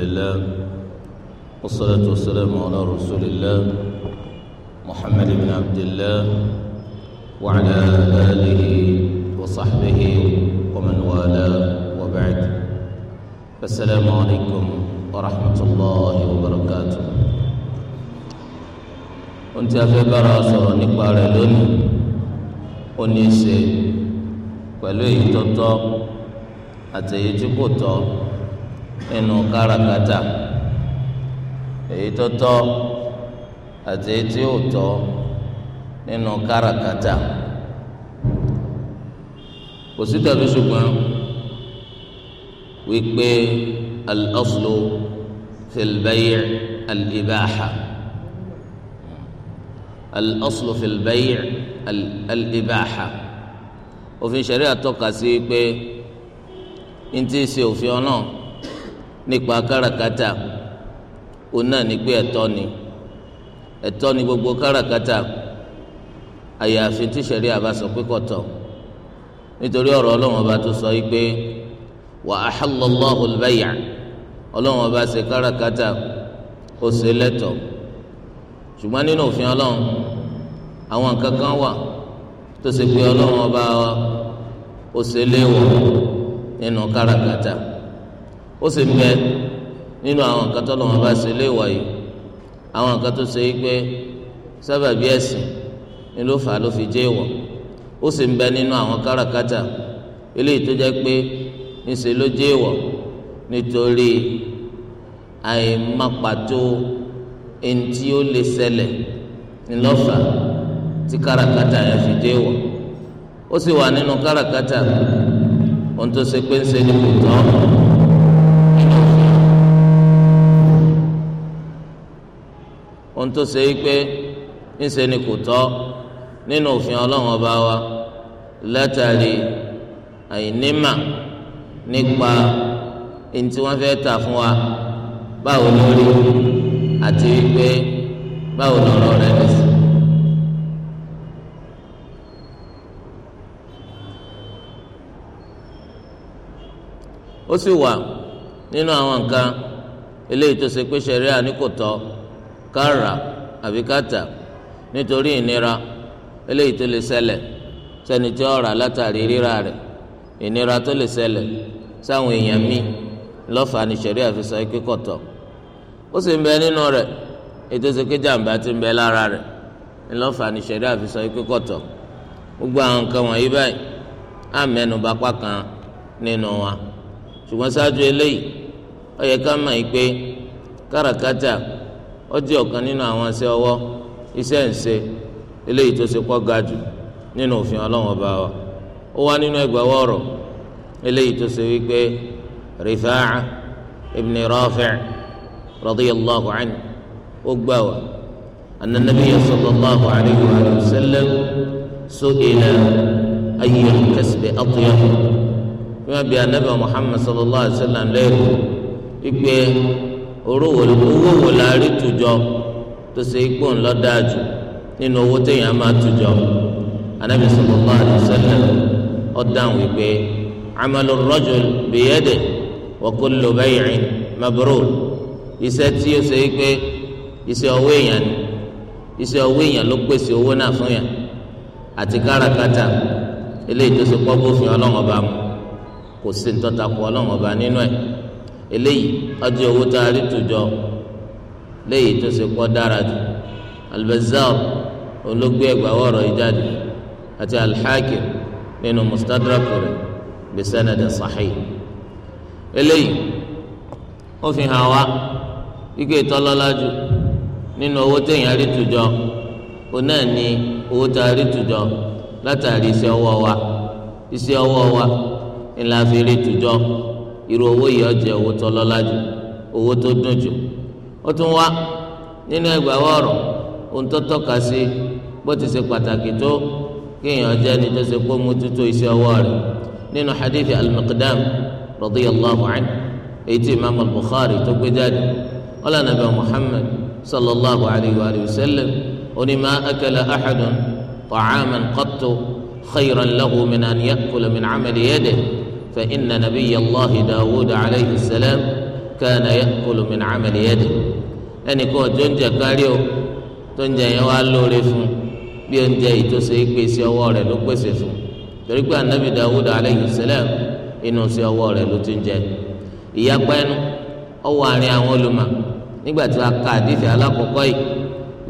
لله والصلاة والسلام على رسول الله محمد بن عبد الله وعلى آله وصحبه ومن والاه وبعد السلام عليكم ورحمة الله وبركاته أنت في براسة نقبال لون أنيسي pẹ̀lú èyí tó tọ́ nínú káràkátà èyí tó tọ́ àti èyí tí ò tọ́ nínú káràkátà kò sí tàbí ṣùgbọ́n wípé al-aslu fil bay' al-ibaha al-aslu fil bay' al-ibaha òfin ṣẹ̀ríà tọ́ka sí pé ntí ṣe òfin ọ náà nípa káràkátà òun náà ní pé ẹ̀tọ́ ni ẹ̀tọ́ ni gbogbo káràkátà àyàfi tí sẹ̀rí àbá sọ pé kọ̀tọ̀ nítorí ọ̀rọ̀ ọlọ́wọ́n ọba tó sọ yìí pé wa ahallallahu al-bay'a ọlọ́wọ́n ọba ṣe káràkátà ó ṣe lẹ́tọ̀ ṣùgbọ́n nínú òfin ọlọ́run àwọn nǹkan kan wà tó ṣe pé ọlọ́wọ́n ọba ó ṣe léwọ̀ nínú káràkátà. ó sì bẹ nínú àwọn nǹkan tó lọ́wọ́ bá ṣe léèwọ̀ yìí àwọn nǹkan tó ṣe pé sábàbí ẹ̀sìn ni ló fà á ló fi jẹ́ èèwọ̀ ó sì ń bẹ nínú àwọn káràkátà eléyìí tó jẹ́ pé ńṣe ló jẹ́ èèwọ̀ nítorí àìmọ̀pàtó ẹni tí ó lè ṣẹlẹ̀ ńlọ́fà tí káràkátà yẹn fi jẹ́ èèwọ̀ ó sì wà nínú ohun tó ṣe pé ni ohun tó ṣe é pé ńṣe ni kò tọ́ nínú òfin ọlọ́run ọba wa látàrí àìnímà nípa ẹni tí wọ́n fẹ́ tà fún wa báwo ló rí àti wípé báwo lọ̀rọ̀ rẹ̀ lè sí. ó sì wà nínú àwọn nǹkan eléyìí tó ṣe pé ṣẹ̀ríà ní tọ́ ká rà àbí ká tà nítorí ìnira eléyìí tó lè ṣẹlẹ̀ sẹ́ni tí ó rà látàrí rírà rẹ̀ ìnira tó lè ṣẹlẹ̀ sáwọn èèyàn míì lọ́fà ni sẹ̀rí àfisọ́ kíkọ̀tọ̀ ó sì ń bẹ nínú rẹ̀ ètò ìsèké jàǹbá ti ń bẹ lára rẹ̀ ńlọ́fà ni sẹ̀rí àfisọ́ kíkọ̀tọ̀ gbogbo àwọn nǹkan wọ̀nyí báyìí á mẹ́nu bà apá kan nínú wa ṣùgbọ́n ṣáájú eléyìí ó mọ̀ yìí pé káràkátà ó jẹ́ ọ̀kan nínú àwọn iṣẹ́ ọwọ́ iṣẹ́ ńṣe eléyìí tó ṣe pọ̀ ga jù nínú òfin ọlọ́run ọba wa ó wá nínú ẹgbẹ̀wọ́ ọ̀rọ̀ eléyìí tó ṣe wípé Rifa'a ibn Rafi' radiyallahu anhu ó gbà wá anna sallallahu alayhi wa sallam su'ila ayyul kasbi atyab wọ́n bí anabi Muhammad sallallahu alayhi wa sallam lẹ́yìn wípé. owó wo la rí tùjọ tó ṣe ipò ńlọ dáàjù nínú owó téèyàn máa tùjọ anabi sallallahu alaihi wasallam dáhùn wípé amalu rajul biyadihi wa kullu bay'in mabrur tí ó ṣe pé iṣẹ́ ọwọ́ èèyàn ni iṣẹ́ ọwọ́ èèyàn ló pèsè owó náà fún yàn àti káràkátà eléyìí tó ṣe pọ́ bófin mu kò sí ní tọ́ta nínú ẹ̀. eléyìí ọjọ́ owó tá a rí tòjọ léyìí tó ṣe pọ̀ dára jù albazar olóògbé ẹgbàá ọ̀rọ̀ ìjáde àti alhakim nínú mustadrak rẹ̀ bisanadin eléyìí ó fi hàn ike jù nínú owó téèyàn rí tòjọ ó náà ní owó tá a rí tòjọ látàrí iṣẹ́ ọwọ́ irú owó yìí ó jẹ́ owó tó lọ́lá jù owó tó dùn jù ó tún wá nínú ẹgbàá ọ̀rọ̀ ohun tó tọ́ka sí bó ti ṣe pàtàkì tó kéèyàn jẹ́ ẹni tó ṣe kó mú tútó iṣẹ́ ọwọ́ rẹ̀ nínú hadith al-Miqdam radiyallahu anhu èyí tí imaamu al-Bukhari tó gbé jáde ọlá nàbẹ Muhammad sallallahu alayhi wa sallam oní ma akala ahadun ta'aman qattu khayran lahu min yakula min amali yadihi. فإن نبي الله داود عليه السلام كان يأكل من عمل يده ẹnì kan tó ń jẹ kárí o tó ń jẹ yẹn wá lóore fún bí oúnjẹ yìí tó ṣe é pé sí ọwọ́ rẹ̀ ló pèsè fún torí pé anabi dawud aleyhi salam inú sí ọwọ́ rẹ̀ ló ti ń jẹ ìyapa ẹnu ọwọ́ àárín àwọn olùmọ̀ nígbà tí wàá ka àdìsí alákọ̀ọ́kọ́ yìí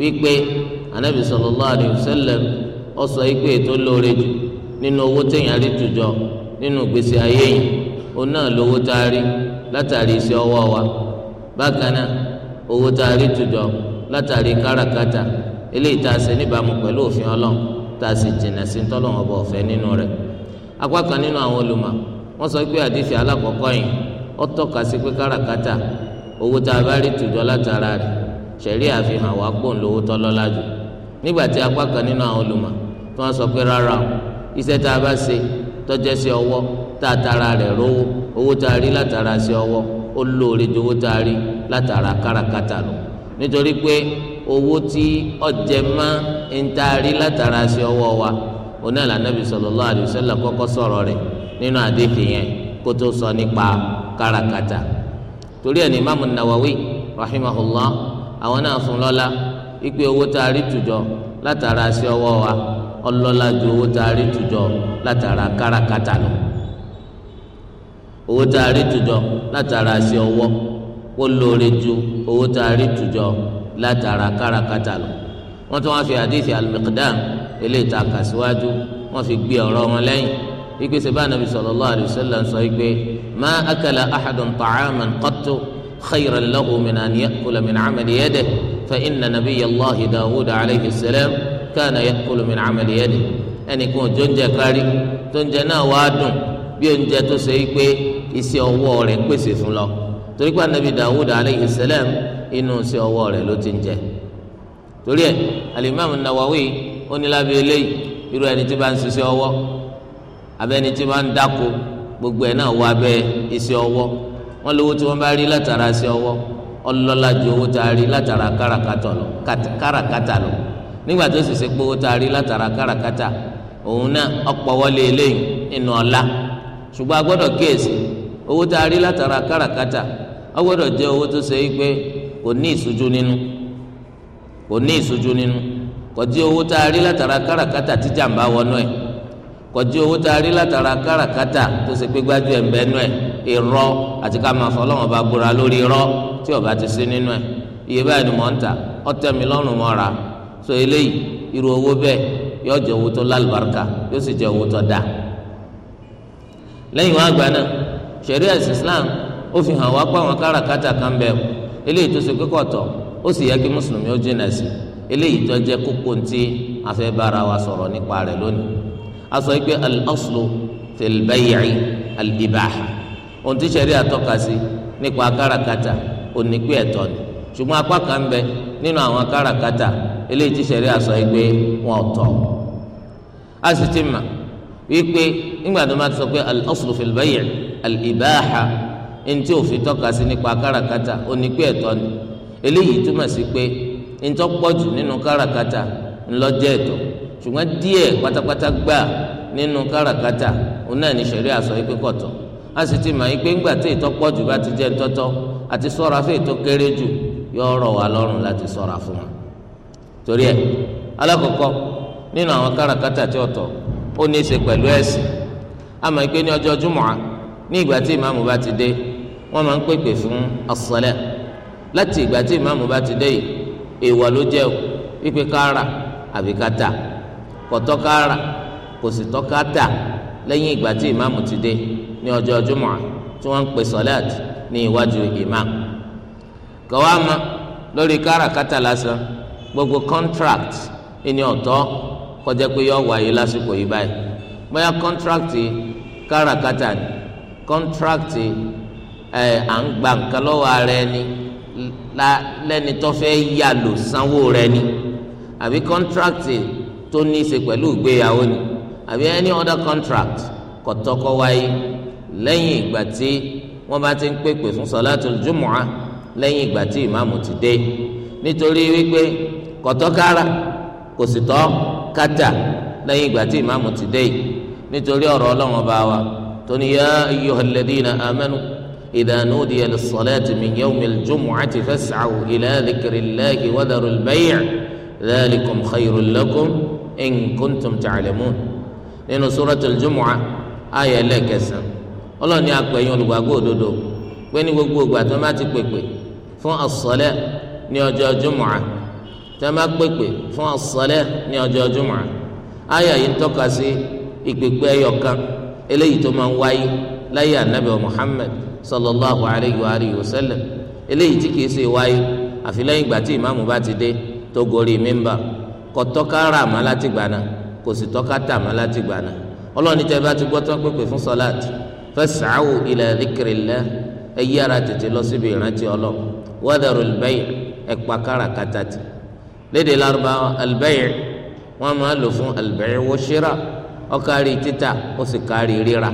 wípé anabi sallallahu aleyhi salam ó sọ pé ètò lóore jù nínú owó téèyàn rí tùjọ nínú ìgbésí ayé yìí òun náà lówó tá a rí látàrí iṣẹ́ ọwọ́ wa bákan náà owó tá a rí tùjọ látàrí káràkátà eléyìí tá a ṣe níbàámu pẹ̀lú òfin ọlọ́run tá a sì jìnnà sí tọ́lọ́run ọba ọ̀fẹ́ nínú rẹ̀ apá kan nínú àwọn olùmọ̀ wọ́n sọ pé àdìsí alákọ̀ọ́kọ́ yìí ó tọ́ka sí pé káràkátà owó tá a bá rí tùjọ látara rẹ̀ ṣẹ̀rí àfihàn wá pò ń lówó tọ́lọ́lá jù nígbà tí apá kan nínú àwọn olùmọ̀ tí wọ́n sọ pé rárá iṣẹ́ tá a bá ṣe tọ́jẹ́ sí ọwọ́ tá a tara rẹ̀ rówó owó tá a rí látara sí ọwọ́ ó lóore ju owó tá a rí látara káràkátà lọ nítorí pé owó tí ọ̀jẹ̀ má ń tá a rí látara sí ọwọ́ wa oní àlànàbì sallallahu alaihi wasallam kọ́kọ́ sọ̀rọ̀ rẹ̀ nínú àdéhìí yẹn kó tó sọ nípa káràkátà torí ẹni Imam Nawawi rahimahullah àwọn náà fún lọ́lá ipe owó tá a rí tùjọ látara sí ọwọ́ wa ọlọ́lá ju owó tá a rí tùjọ látara káràkátà lọ owó tá a rí tùjọ látara àṣẹ ọwọ́ ó lóore ju owó tá a rí tùjọ látara káràkátà lọ wọ́n tún wá fi àdìsí al-Miqdam eléyìí tá a kà síwájú wọ́n fi gbé ọ̀rọ̀ wọn lẹ́yìn ikpe sèbá anabi sallallahu alayhi sọ ikpe ma akala ahadun ta'aman qattu khayran lahu min an ya'kula fa inna nabiyya allahi dawud alayhi salam. kana na min amali yadi ẹnìkan ni jóúnjẹ kárí tó náà wàá dùn bí oúnjẹ tó ṣe é pé iṣẹ́ ọwọ rẹ̀ pèsè fún lọ torí pé anabi dawud aleyhi salam inú iṣẹ́ ọwọ́ rẹ̀ ló ti ń jẹ torí ẹ alimami nawawi onílàbí eléyìí irú ẹni tí bá ń ṣiṣẹ́ ọwọ abẹni tí bá ń dako gbogbo ẹ náà wọ abẹ iṣẹ́ ọwọ́ wọn lówó tí wọn bá rí látara ju owó tá a nígbà tó sì ṣe taari látara káràkátà òun náà ọ̀pọ̀ wọlé eléyìí ṣùgbọ́n a gbọ́dọ̀ kíyèsí owó tá látara káràkátà a gbọ́dọ̀ jẹ́ owó tó ṣe kò ní nínú kò ní nínú kò owó tá látara káràkátà tí jàǹbá wọnú kò owó tá látara káràkátà pé gbájú ẹ̀ ti nínú iye so eléyìí irú owó bẹ́ẹ̀ yóò jẹ́ owó tó lálùbáríkà yóò sì jẹ́ owó tó dáa lẹ́yìn wọn àgbà náà ṣẹ̀ríà Islam ó fi hàn wá pé àwọn káràkátà kan bẹ̀ ọ́ eléyìí tó ṣe kíkọ̀ tọ̀ ó sì yẹ kí mùsùlùmí ó jìnà sí eléyìí tó jẹ́ kókó ntí afẹ́bára wa sọ̀rọ̀ nípa rẹ̀ lónìí a sọ pé al-aslu fil al-ibaha ohun tí ṣẹ̀ríà tọ́ka sí nípa káràkátà ò pé ẹ̀tọ́ ni ṣùgbọ́n apá kan bẹ nínú àwọn káràkátà eléyìí tí sẹ̀rí àsọ yìí pé wọn tọ̀ a sì ti mà wípé nígbà tó máa ti sọ pé al-aslu fil bay' al-ibaha ntí òfin tọ́ka sí nípa káràkátà ó ní pé ẹ̀tọ́ ni eléyìí túmọ̀ sí pé ntọ́ pọ̀jù nínú káràkátà ńlọ́jẹ́ ẹ̀tọ́ ṣùgbọ́n díẹ̀ pátápátá gbà nínú káràkátà òun náà ní sẹ̀rí àsọ yìí pé kọ̀tọ̀ a sì ti mà wípé ńgbà tí ìtọ́ pọ̀jù bá ti jẹ́ ńtọ́tọ́ àti sọ́ra fún ètò kéré jù yọ ọ̀rọ̀ wà lọ́rùn láti sọ́ra fún wọn. torí ẹ alákọ̀ọ́kọ́ nínú àwọn káràkátà tí ọ̀tọ̀ ó ní í ṣe pẹ̀lú ẹ̀sìn àmọ́ ìpè ní ọjọ́ ní ìgbà ti dé wọn máa ń pèpè fún as láti ìgbà tí ìmáàmù bá ti dé yìí èèwọ̀ ló o kára àbí káta kọtọ kára kò sì káta ìgbà tí ìmáàmù ti dé ní tí ń ma lórí lásán gbogbo contract ẹni ọ̀tọ́ kọjá pé yọ wáyé lásìkò yìí báyìí bóyá contract káràkátà ni contract ẹ à ń gba nǹkan lọ́wọ́ ara ẹni lẹ́ni tó fẹ́ yà lò sanwó rẹ ni àbí contract tó ní í ṣe pẹ̀lú ìgbéyàwó ni àbí any other contract kọ̀tọ́kọ́ wáyé lẹ́yìn ìgbà tí wọ́n bá ti ń pèpè fún sọ́látùl jumu'ah lẹ́yìn ìgbà tí ìmáàmù ti dé nítorí wípé kọtọkara kò sì tọ́ kátà lẹ́yìn ìgbà tí ìmáàmù ti dé yìí nítorí ọ̀rọ̀ Ọlọ́run ọba wa tó ní yá ayyuhal ladhina amanu idha nudiya lis-salati min yawmil jumu'ati fas'aw ila dhikrillahi wa dharul bay' dhalikum khayrun lakum in kuntum ta'lamun nínú suratul jumu'a ayé ẹlẹ́kẹsàn ọlọ́ni apẹ̀yìn olùgbàgbọ́ òdodo pé ní gbogbo ìgbà má ti pèpè fún as ní ọjọ́ jumu'a tẹ́ máa pèpè fún ọ̀sọ́lẹ̀ ní ọjọ́ jùmọ̀ ayé yìí ń tọ́ka sí ìpèpè ẹyọkan eléyìí tó máa ń wáyé láyé ànábì Muhammad sallallahu alayhi wa alihi wa sallam eléyìí tí kìí ṣe wáyé àfi lẹ́yìn ìgbà tí ìmáàmù bá ti dé tó gorí mímbà kò tọ́ka rà má láti gbà náà kò sì tọ́ka tà má láti gbà náà ọlọ́ọ̀ni bá ti gbọ́ tán fún sọ́láàt fas'aw ila dhikrillah ẹ yára tètè lọ síbi ìrántí Ọlọ́run wadharul bay' ẹ pa káràkátà tì lédè Lárúbáwá albayi wọn máa lò fún albayi wa shira ó kárí títà ó sì kárí rírà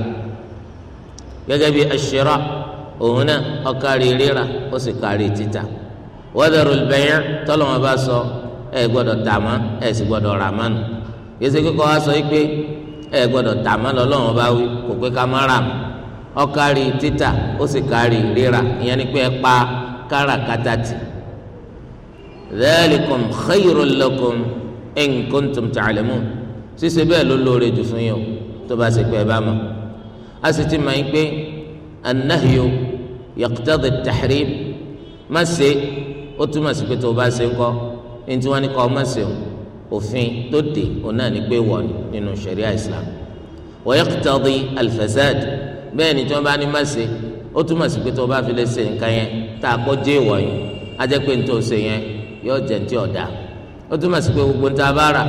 gẹ́gẹ́ bí ashira òun náà ó kárí rírà ó sì kárí títà wadaru albayi tọ́lọ́mọ bá sọ ẹ gbọ́dọ̀ tà má ẹ sì gbọ́dọ̀ rà má nù yẹsẹ kíkọ́ wa sọ yìí pé ẹ gbọ́dọ̀ tà lọ́lọ́wọ́n bá wí kò pé ká má rà má ó títà ó sì kárí rírà ìyẹn ni pé ẹ pa káràkátà tì ذلكم خير لكم إن كنتم تعلمون ṣíṣe bẹ́ẹ̀ ló lóore jù fún yín o tó bá ṣe pé ẹ bá mọ̀ a sì ti mọ̀ yín pé annahyu yaqtadi at-tahrim má ṣe ó túmọ̀ sí pé tó o bá ṣe ń kọ́ ní tí wọ́n ní kọ́ o òfin tó dé òun náà ní pé wọ̀ nínú sharia islam wa yaqtadi bẹ́ẹ̀ ni tí wọ́n bá ní má ṣe ó túmọ̀ sí pé tó o bá fi lè ṣe nǹkan yẹn tá a kọ́ jẹ́ ìwọ̀ yẹn jẹ́ pé ní tó o yẹn yóò jẹ tí ọ̀dà ó túmọ̀ sí pé gbogbo ń ta bá rà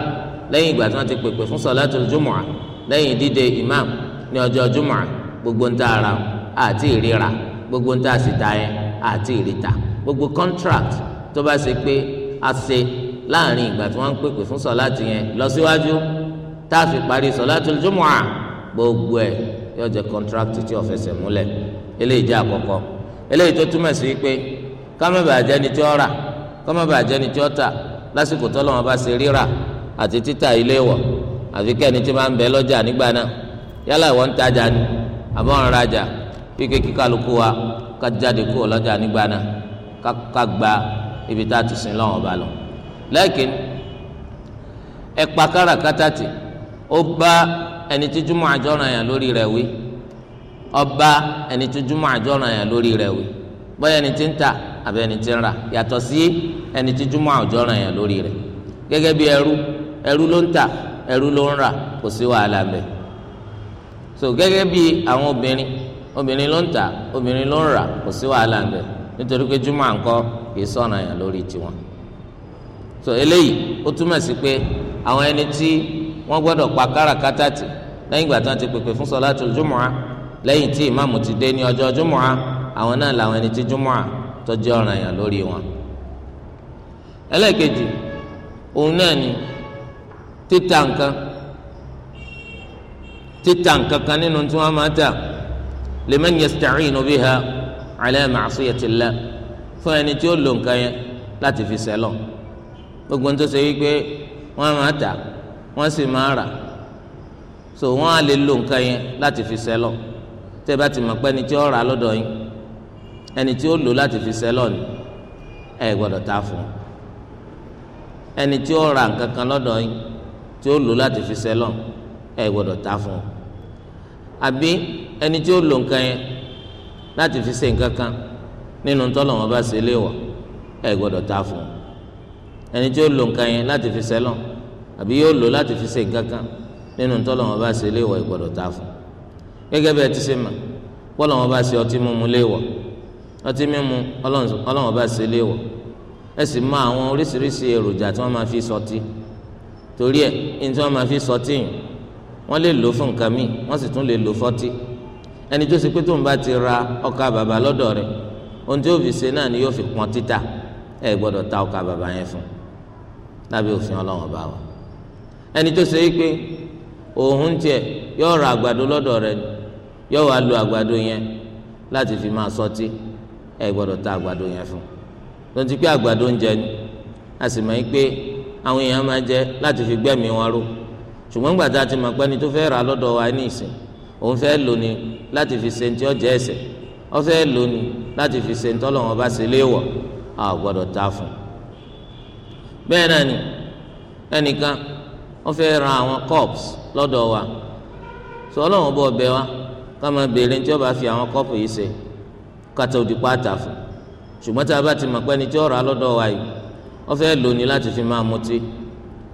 lẹ́yìn ìgbà tí wọ́n ti pèpè fún sọ̀látùl jumu'a lẹ́yìn dídé imam ní ọjọ́ jumu'a gbogbo ń ta ara àti ìríra gbogbo ń ta àsìta yẹn àti ìríta gbogbo contract tó bá ṣe pé a ṣe láàrin ìgbà tí wọ́n ń pèpè fún sọ̀látù yẹn lọ síwájú tá a fi parí sọ̀látùl jumu'a gbogbo ẹ̀ yóò jẹ́ contract tí ó fẹsẹ̀ múlẹ̀ eléyìí jẹ́ àkọ́kọ́ eléyìí tó túmọ̀ sí pé ká má bàa jẹ́ni tí ó rà kọ́mọ bàjẹ́ ni tí ó tà lásìkò tó lọ́wọ́ bá ṣe rírà àti títà ilé wọ̀ àfi kẹ́ni tí máa ń bẹ lọ́jà nígbà náà yálà ìwọ ń tajà ni àbọ̀ ń rajà kíkẹ́ kíkàlùkù wa ká jáde kúrò lọ́jà nígbà náà ká gba ibi tá a ti sin lọ́wọ́ bá lọ. lẹ́ẹ̀kìn ẹ̀pà káràkátà tì ó bá ẹni tí júmọ̀ àjọràn yàn lórí rẹ̀ wí ọba ẹni tí júmọ̀ àjọràn yàn lórí rẹ̀ wí bóyá ẹni tí ń ta àbí ẹni tí ń rà yàtọ̀ sí ẹni tí júmọ́ àwùjọ ràn yàn lórí rẹ̀ gẹ́gẹ́ bí ẹrú ẹrú ló ń tà ẹrú ló ń rà kò sí wàhálà ń bẹ so gẹ́gẹ́ bí àwọn obìnrin obìnrin ló ń tà obìnrin ló ń rà kò sí wàhálà ń bẹ nítorí pé júmọ́ àǹkọ́ kìí sọ̀ràn yàn lórí tiwọn so eléyìí ó túmọ̀ sí pé àwọn ẹni tí wọ́n gbọ́dọ̀ pa káràkátà tì lẹ́yìn ìgbà tí wọ́n ti pèpè fún sọ̀látùl júmọ́ lẹ́yìn tí ìmáàmù ti dé ní ọjọ́ júmọ́ àwọn náà làwọn ẹni tí júmọ́ tọ́jú ọ̀ràn yàn lórí wọn. ẹlẹ́ẹ̀kejì òun náà ni títà nǹkan títà nǹkan kan nínú tí wọ́n máa tà liman yasta'inu biha ala ma'siyatillah fún ẹni tí ó lò nǹkan yẹn láti fi sẹ́lọ̀ gbogbo ń tó ṣe wípé wọ́n máa tà wọ́n sì máa rà so wọ́n á lè lò nǹkan yẹn láti fi sẹ́lọ̀ tẹ́ bá ti mọ̀ pé ẹni tí ó rà lọ́dọ̀ yín ẹni tí ó lò láti fi sẹ́lọ̀ ni ẹ gbọ́dọ̀ ta fún un ẹni tí ó ra nǹkan kan lọ́dọ̀ yín tí ó lò láti fi sẹ́lọ̀ ẹ gbọ́dọ̀ ta fún un àbí ẹni tí ó lò nǹkan yẹn láti fi ṣe nǹkan kan nínú tọ́lọ̀ wọn bá ṣe léèwọ̀ ẹ gbọ́dọ̀ ta fún un ẹni tí ó lò nǹkan yẹn láti fi sẹ́lọ̀ àbí yóò lò láti fi ṣe nǹkan kan nínú tọ́lọ̀ wọn bá ṣe léèwọ̀ ẹ gbọ́dọ̀ ta fún un gẹ́gẹ́ bí ẹ ti ṣe mà bọ́lọ̀ wọn bá ṣe ọtí mímu léèwọ̀ ọtí mímu ọlọ́run ọba ṣe léèwọ̀ ẹ sì mọ àwọn oríṣiríṣi èròjà tí wọ́n máa fi sọtí torí ẹ̀ ní tí wọ́n máa fi sọtí yìí wọ́n lè lò fún nǹkan míì wọ́n sì tún lè lò fọ́tí ẹni tó ṣe pé tóun bá ti ra ọkà bàbà lọ́dọ̀ rẹ̀ ohun tí yóò fi ṣe náà ni yóò fi pọn títà ẹ gbọ́dọ̀ ta ọkà bàbà yẹn fún lábẹ́ òfin ọlọ́run ọba wa ẹni tó ṣe pé òun tiẹ̀ yóò ra àgbàdo lọ́dọ̀ rẹ̀ yóò wá lo àgbàdo yẹn láti fi máa sọtí. So ẹ gbọ́dọ̀ ta àgbàdo yẹn fún lọ́tí pé àgbàdo ń jẹ ni a sì mọ̀ pé àwọn èèyàn máa jẹ láti fi gbẹ́mìí wọn ró ṣùgbọ́n gbàtà ti mọ̀ pé ni tó fẹ́ rà lọ́dọ̀ wa ní ìsìn òun fẹ́ lò ní láti fi ṣe ti ọjà ẹ̀sẹ̀ ó fẹ́ lò ní láti fi ṣe ti Ọlọ́run bá ṣe léèwọ̀ a gbọ́dọ̀ ta fún bẹ́ẹ̀ náà ni ẹnìkan ó fẹ́ ra àwọn cups lọ́dọ̀ wa sọ Ọlọ́run bọ̀ bẹ wa ká máa béèrè ní tí ó bá fi àwọn cup yìí ṣe kátó òdìpá àtàfù ṣùgbọ́n tá a bá ti mọ̀ pé ẹni tí ọ̀rọ̀ alọ́dọ̀ wa yìí wọ́n fẹ́ lò ní láti fi máa mutí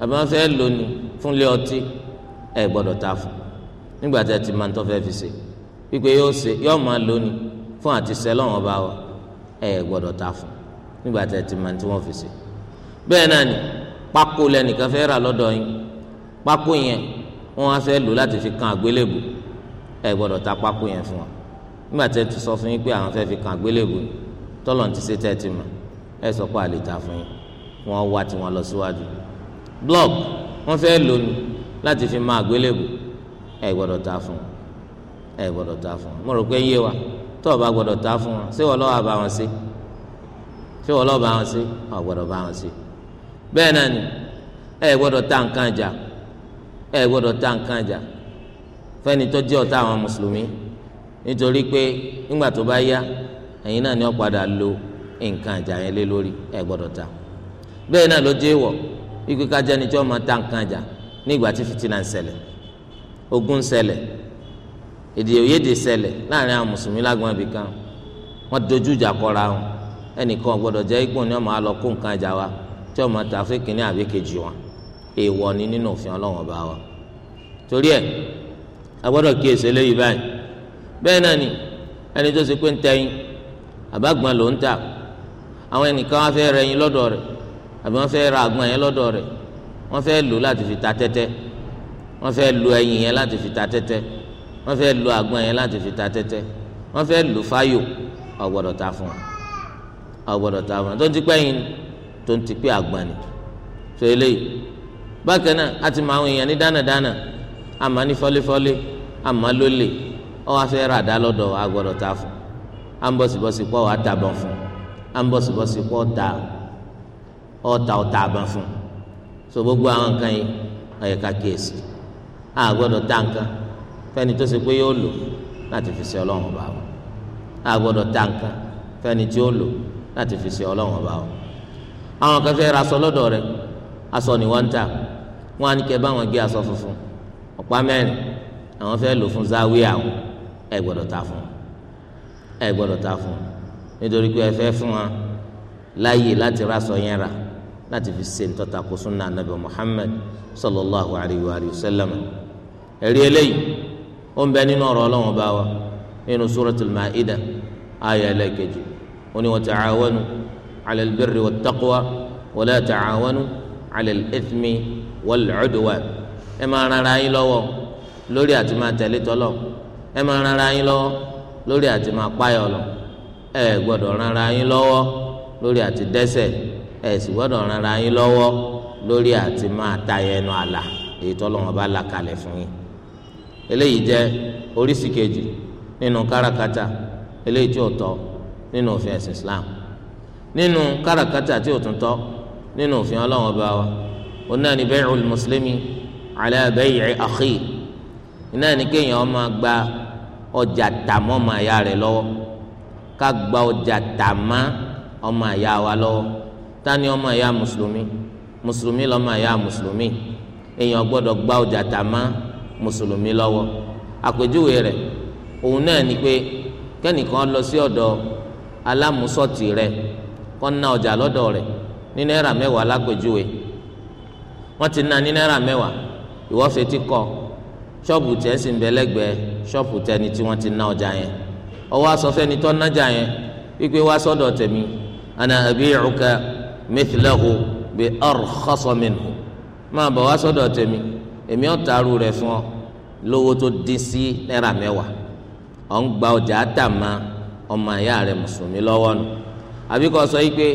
àbí wọ́n fẹ́ lò ní fún lé ọtí ẹ̀ gbọ́dọ̀ ta fún nígbà tí a ti máa ń tọ́ fẹ́ fi ṣe wípé yóò ṣe yóò máa lò ní fún àti sẹ́lọ̀ wọn bá wa ẹ̀ gbọ́dọ̀ ta fún nígbà tí a ti máa ń tí wọ́n fi ṣe. bẹ́ẹ̀ náà ni pákó lẹ́nìkan fẹ́ rà lọ́dọ̀ yín pákó yẹn wọ́n wá fẹ́ lò láti fi kan àgbélébù ẹ̀ gbọ́dọ̀ ta pákó yẹn fún wọn nígbà tẹ́ ti sọ fún yín pé àwọn fẹ́ fi kàn gbélébù tọ́lọ̀ ti ṣe tẹ́ ti mọ̀ ẹ sọ pé àlè ta fún yín wọ́n wá tí wọ́n lọ síwájú blog wọ́n fẹ́ lò ní láti fi máa gbélébù ẹ gbọ́dọ̀ ta fún ẹ gbọ́dọ̀ ta fún mo rò pé yé wa tó o bá gbọ́dọ̀ ta fún wọn ṣé wọ́n lọ́wọ́ bá wọn ṣe ṣé wọ́n lọ́wọ́ bá wọn ṣe ọ̀ gbọ́dọ̀ bá wọn ṣe bẹ́ẹ̀ náà ni ẹ gbọ́dọ̀ ta nǹkan jà ẹ gbọ́dọ̀ ta nǹkan jà fẹ́ni tó jẹ́ ọ̀tá àwọn mùsùlùmí nítorí pé nígbà tó bá yá ẹ̀yin náà ni ó padà lo nǹkan àjà yẹn lé lórí ẹ gbọ́dọ̀ ta bẹ́ẹ̀ náà ló jẹ́ ìwọ̀ ikú kájá ni tí wọ́n máa ta nǹkan àjà nígbà tí fìtínà ń ṣẹlẹ̀ ogun ń ṣẹlẹ̀ èdè òyédè ṣẹlẹ̀ láàrin àwọn mùsùlùmí lágbọn ibì kan wọ́n dojú ìjà kọra wọn ẹnìkan gbọ́dọ̀ jẹ́ igbó ni wọ́n máa lọ kó nǹkan àjà wa tí wọ́n máa ta fún ìkíní àbí kejì wọn èèwọ̀ ni nínú òfin Ọlọ́run ọba wa torí ẹ̀ a gbọ́dọ̀ kíyèsí eléyìí báyìí bẹ́ẹ̀ náà ni ẹni tó ṣe pé ń tẹyin àbágbọn ló ń tà àwọn ẹnìkan wọn fẹ́ rẹyin lọ́dọ̀ rẹ̀ àbí wọn fẹ́ ra àgbọn yẹn lọ́dọ̀ rẹ̀ wọn fẹ́ lò láti fi ta tẹ́tẹ́ wọn fẹ́ lò ẹyin yẹn láti fi ta tẹ́tẹ́ wọn fẹ́ lò àgbọn yẹn láti fi ta tẹ́tẹ́ wọn fẹ́ lò fáyò ọ̀gbọ́dọ̀ ta fún wọn ta fún tó ń ti pẹ́ yín tó ń ti pẹ́ àgbọn ni tó eléyìí bákan náà a ti mọ àwọn èèyàn ní dánadáná àmọ́ ní fọ́lífọ́lí àmọ́ lólè ọ wá fẹ́ rà dá lọ́dọ̀ agbọ́dọ̀ ta fún à ń bọ̀sibọ̀si pọ̀ wá tàbọ̀n fún à ń bọ̀sibọ̀si pọ̀ ta ọ̀ta ọ̀ta àbọ̀n fún so gbogbo àwọn nǹkan yìí ọ̀yẹ̀ká kíyèsí à gbọ́dọ̀ ta nǹkan fẹ́ni tó ṣe pé yóò lò láti fi ṣe ọlọ́run ọba o a gbọ́dọ̀ ta nǹkan fẹ́ni tí ó lò láti fi ṣe ọlọ́run ọba o àwọn kan fẹ́ ra aṣọ lọ́dọ̀ rẹ̀ aṣọ ni wọ́n ń tà wọ́n á ní kẹ́ bá gé aṣọ funfun ọ̀pá mẹ́rin àwọn fẹ́ lò fún záwé àwọn ẹ gbọ́dọ̀ ta fún ẹ gbọ́dọ̀ ta fún nítorí pé ẹ fẹ́ fún wa láàyè láti rásọ yẹn rà láti fi ṣe ntọ́ta kó súnà anabi muhammed sallallahu alayhi wa sallam ẹ̀rí eléyìí ó ń bẹ nínú ọ̀rọ̀ ọlọ́wọ́n bá wa nínú suratul maida aya ẹlẹ́kejì ó ní wa ta'awanu ala albirri wat taqwa wa la ta'awanu ala alithmi wal udwan ẹ máa ran yín lọ́wọ́ lórí àti máa tẹ̀lé tọ́lọ́ọ̀ ẹ máa ran ara yín lọ́wọ́ lórí àti máa páyọ̀ lọ ẹ gbọ́dọ̀ ran ara yín lọ́wọ́ lórí àti dẹ́ṣẹ̀ ẹ sì gbọ́dọ̀ ran ara yín lọ́wọ́ lórí àti máa tayọ ẹnu àlà èyí tó lọ́wọ́ bá là kalẹ̀ fún yín eléyìí jẹ́ oríṣi kejì nínú káràkátà eléyìí tí ò tọ́ nínú òfin ẹ̀sìn Islam nínú káràkátà tí ò tún tọ́ nínú òfin Ọlọ́run bá wa onáà ní bai'ul muslimi ala bai'i akhi. iná ní kéèyàn máa gba ọjà tàmọ́ ọmọ àyà rẹ̀ lọ́wọ́ ká gba ọjà tàmá ọmọ àyà wa lọ́wọ́ tani ọmọ àyà mùsùlùmí mùsùlùmí lọ́mọ àyà mùsùlùmí èèyàn gbọ́dọ̀ gba ọjà tàmá mùsùlùmí lọ́wọ́ àpèjúwe rẹ̀ òun náà ni pé kẹ́nìkan lọ sí ọ̀dọ̀ alámùsọ̀tì rẹ̀ ná ọjà lọ́dọ̀ rẹ̀ ní náírà mẹ́wàá lápèjúwe wọ́n ti ná ní náírà mẹ́wàá ṣọ́ọ̀bù tẹ̀ sì ń bẹ lẹ́gbẹ̀ẹ́ ṣọ́ọ̀bù tẹni tí wọ́n ti ná ọjà yẹn ọwọ́ asọ́fẹ́ni tó nájà yẹn wípé wá sọ́dọ̀ tẹ̀mí ana abi'uka mithlahu bi arkhasa minhu máa bọ̀ wá sọ́dọ̀ tẹ̀mí èmi ó tààrú rẹ̀ fún ọ lówó tó dín sí náírà mẹ́wàá ọ̀ ń gba ọjà àtàmà ọmọ ìyá rẹ̀ mùsùlùmí lọ́wọ́ nù àbíkọ́ sọ yìí pé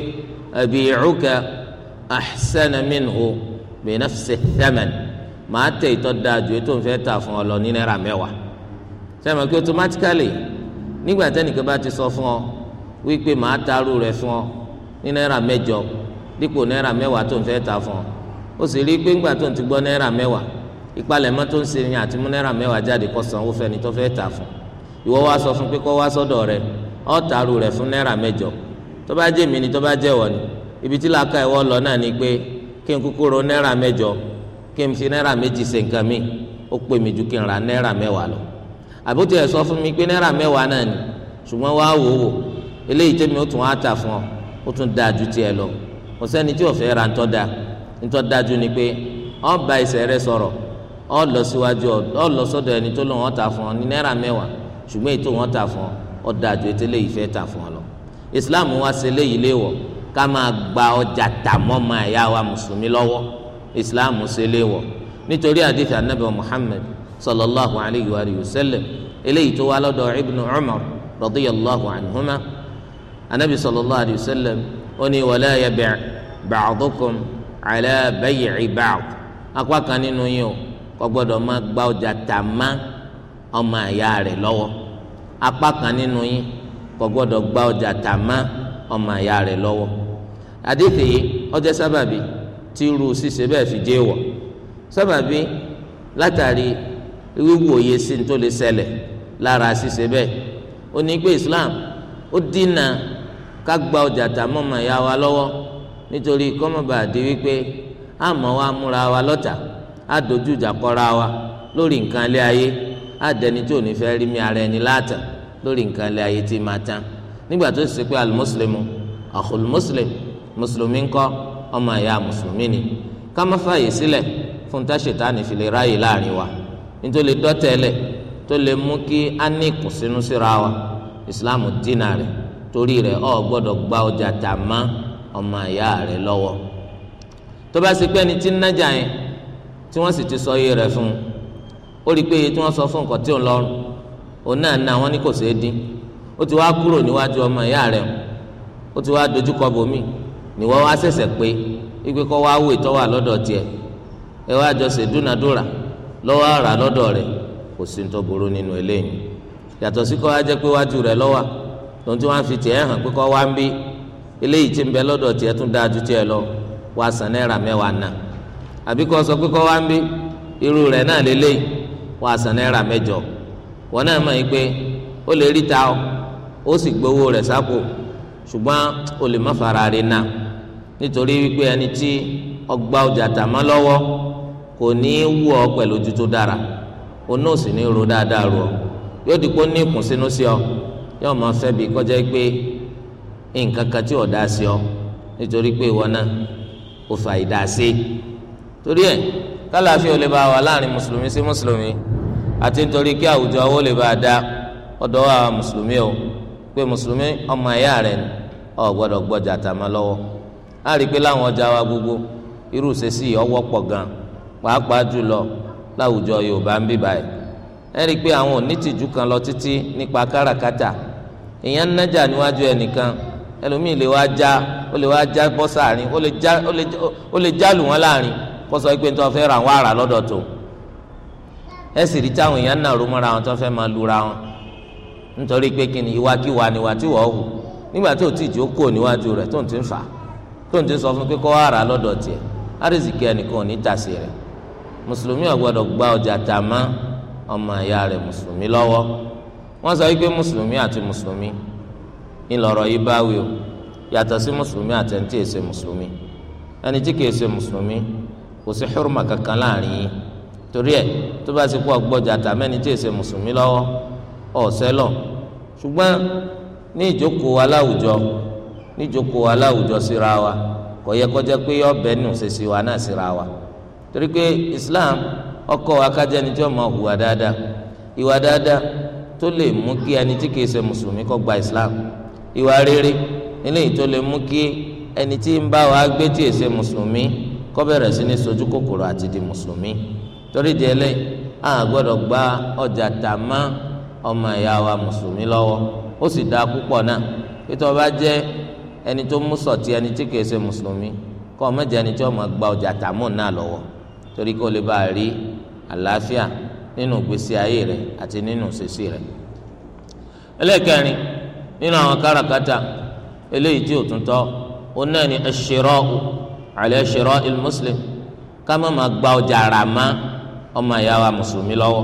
abi'uka ahsana minhu bi nafsi màá tẹ ìtọ́ da ju ètò ìfẹ́ tà fún ọ lọ ní náírà mẹ́wàá sẹ́mi pé automatically nígbà tẹ́nìkan bá ti sọ fún ọ wípé màá taarú rẹ̀ fún ọ ní náírà mẹ́jọ dípò náírà mẹ́wàá tó ń fẹ́ tà fún ọ ó sì rí i pé ńgbà tó ń ti gbọ́ náírà mẹ́wàá ìpalẹ̀mọ́ tó ń ṣe ni àti mú náírà mẹ́wàá jáde kó sanwó fẹ́ni tó fẹ́ tà fún ìwọ wá sọ fún pé kó wá sọ́dọ̀ rẹ̀ ọ taarú rẹ̀ fún náírà mẹ́jọ tó bá jẹ́ mi ni tó bá jẹ́ wọ ni ibi tí làákà ẹ̀wọ́ lọ náà ni pé kí n kúkúrò náírà mẹ́jọ kí n fi náírà méjì ṣe nǹkan mi ó pè mí ju kí n ra náírà mẹ́wàá lọ àbótí ẹ̀ sọ fún mi pé náírà mẹ́wàá náà ni ṣùgbọ́n wá wò ó wò eléyìí tẹ́mi ó tún á tà fún ọ ó tún dáa ju tiẹ̀ lọ kò sẹ́ni tí ó ra ntọ́ da ntọ́ dájú ni pé ọ bá ẹsẹ̀ rẹ sọ̀rọ̀ ọ lọ síwájú ọ lọ sọ́dọ̀ ẹni tó lò wọ́n tà fún ọ ní náírà mẹ́wàá ṣùgbọ́n èyí tó wọ́n tà fún ọ ọ dájú ètò eléyìí fẹ́ tà fún ọ lọ Islam wá sí eléyìí léwọ̀ ká máa gba ọjà tà mọ́ máa yá wa mùsùlùmí lọ́wọ́ islam ṣe léèwọ̀ nítorí àdìsí anabi muhammed sallallahu alayhi wa sallam eléyìí tó wá lọ́dọ̀ ibnu umar radiyallahu anhuma anabi sallallahu alayhi wa sallam ó ní wala yabi' ba'dukum ala bay'i ba'd apá kan nínú yín o kò gbọ́dọ̀ máa gba ọjà tà má ọmọ àyà rẹ̀ lọ́wọ́ apá kan nínú yín kò gbọ́dọ̀ ọjà tà má ọmọ àyà rẹ̀ lọ́wọ́ àdìsí ọjọ́ sábàbí tí irú ṣíṣe bẹ́ẹ̀ fi jẹ́ wọ̀ sábàbí látàrí wíwòye sí tó lè ṣẹlẹ̀ lára ṣíṣe bẹ́ẹ̀ ó Islam ó dínà ká gba ọjà tààmú ọmọ ìyá wa lọ́wọ́ nítorí kọ́mọ̀bà di wípé àmọ́ wa múra wa lọ́tà á dojú ìjà kọ́ra wa lórí nǹkan ilé ayé á dẹni tí ò ní fẹ́ rí mi ara ẹni láàtà lórí nǹkan ilé ayé tí máa tán nígbà tó ṣe pé alimuslimu àkùlùmùsùlùmí mùsùlùmí ńkọ́ ọmọ ẹ̀yà mùsùlùmí ni ká má fààyè sílẹ̀ fún táṣetánì fi lè ráàyè láàrin wa nítorí dọ́tẹ̀lẹ̀ tó lè mú kí a ní ìkùnsínú síra wa ìsìláàmù dínà rẹ̀ torí rẹ̀ ọ̀ gbọ́dọ̀ gba ọjà tà má ọmọ ẹ̀yà rẹ̀ lọ́wọ́ tó bá sì pé ẹni tí ń nájà yẹn tí wọ́n sì ti sọ iye rẹ̀ fún un ó rí i pé iye tí wọ́n sọ fún nǹkan tí ò ń lọ́rùn òun náà ná wọn ní kò ṣeé dín ó ti wá kúrò níwájú ọmọ ìyá rẹ̀ ó ti wá dojúkọ bòmíì ni asese wá ṣẹ̀ṣẹ̀ pé igbe kọ́ wá wò ìtọ́wà lọ́dọ̀ tiẹ̀ ẹ wá jọ ṣe dúnadúrà lọ́wọ́ àrà lọ́dọ̀ rẹ̀ kò sí tó burú nínú eléyìí yàtọ̀ sí kọ́ wá jẹ́ pé wájú rẹ̀ lọ́wọ́ lóun tí wọ́n fi tiẹ̀ hàn pé kọ́ wá ń bí eléyìí ń bẹ lọ́dọ̀ tiẹ̀ tún dáa nítorí wípé ẹni tí ọgbà ọjà tàmá lọ́wọ́ kò ní í wù ọ pẹ̀lú ojú tó dára òun náà ní ro dáadáa ro ọ yóò dìpọ́ ní ìkùnsínú sí ọ yóò máa fẹ́ bí kọjá pé nǹkan kan tí ò dá sí ọ nítorí pé ìwọ náà ò fà ìdá sí torí ẹ kálàáfíà ò lè bá wà láàrin mùsùlùmí sí mùsùlùmí àti nítorí kí o pé mùsùlùmí ọmọ rẹ ọ gbọdọ tàmá á rí i pé láwọn ọjà wa gbogbo irú ìṣesí ọwọ́ pọ̀ gan pàápàá jùlọ láwùjọ Yorùbá ń bí báyìí ẹ rí i pé àwọn onítìjú kan lọ títí nípa káràkátà èèyàn nájà níwájú ẹnìkan ẹlòmíì lè wá já ó lè wá já bọ́ sáàrin ó lè já lù wọ́n láàrin kó sọ pé nítorí fẹ́ ra àwọn àrà lọ́dọ̀ tó ẹ sì rí táwọn èèyàn náà ró mọ́ra wọn tó fẹ́ máa lura wọn nítorí pé kí ni ìwàkiwà ni ìwà tí wọ́n hù nígbà tó tìjú kò níwájú rẹ̀ tó ń ti ń fà á tó ń ti sọ fún pé kó ara lọ́dọ̀ tiẹ̀ àrísìkí ẹnìkan ò ní tàsí rẹ̀ mùsùlùmí ò gbọ́dọ̀ gba ọjà tà má ọmọ ìyá rẹ̀ mùsùlùmí lọ́wọ́ wọ́n sọ wípé mùsùlùmí àti mùsùlùmí ńlọrọ̀ yìí bá wí yàtọ̀ sí mùsùlùmí àti ẹni tí èsè mùsùlùmí ẹni tí kìí ṣe mùsùlùmí kò sí hurma kankan láàrin yìí torí ẹ tó bá ti kó ọgbọ́jà tà mẹ́ni tí èsè mùsùlùmí lọ́wọ́ ọ̀sẹ́ lọ ṣùgbọ́n ní ìjókòó aláwùjọ níjókòó aláwùjọ síra wa kò yẹ kọjá pé ọbẹ̀ nù sèṣì wa náà síra wa torí pé Islam ọkọ akájá ni tí wọn máa hùwà dáadáa ìwà dáadáa tó lè mú kí ẹni tí kìí ṣe mùsùlùmí kó gba Islam ìwà rere eléyìí tó lè mú kí ẹni tí ń bá wa gbé tí èsè mùsùlùmí kó bẹ̀rẹ̀ sí ní sojú kòkòrò àti di mùsùlùmí torí di ẹlẹ́yìn a gba ọjà tà má ọmọ ìyá wa mùsùlùmí lọ́wọ́ ó sì dáa púpọ̀ náà pé tó bá jẹ́ ẹni tó mú sọ̀tì ẹni tí kìí ṣe mùsùlùmí kọ́ mẹ́jẹ ẹni tí wọ́n máa gba ọjà tààmù náà lọ́wọ́ torí kó lè bá a rí àlàáfíà nínú ìgbésí ayé rẹ̀ àti nínú ìṣesí rẹ̀. ẹlẹ́kẹrin nínú àwọn káràkátà eléyìí tí ò tún tọ́ òun náà ni ẹ̀ṣẹ̀rọ̀ àlẹ́ ẹ̀ṣẹ̀rọ̀ il muslim ká má máa gba ọjà rà má ọmọ ìyá wa mùsùlùmí lọ́wọ́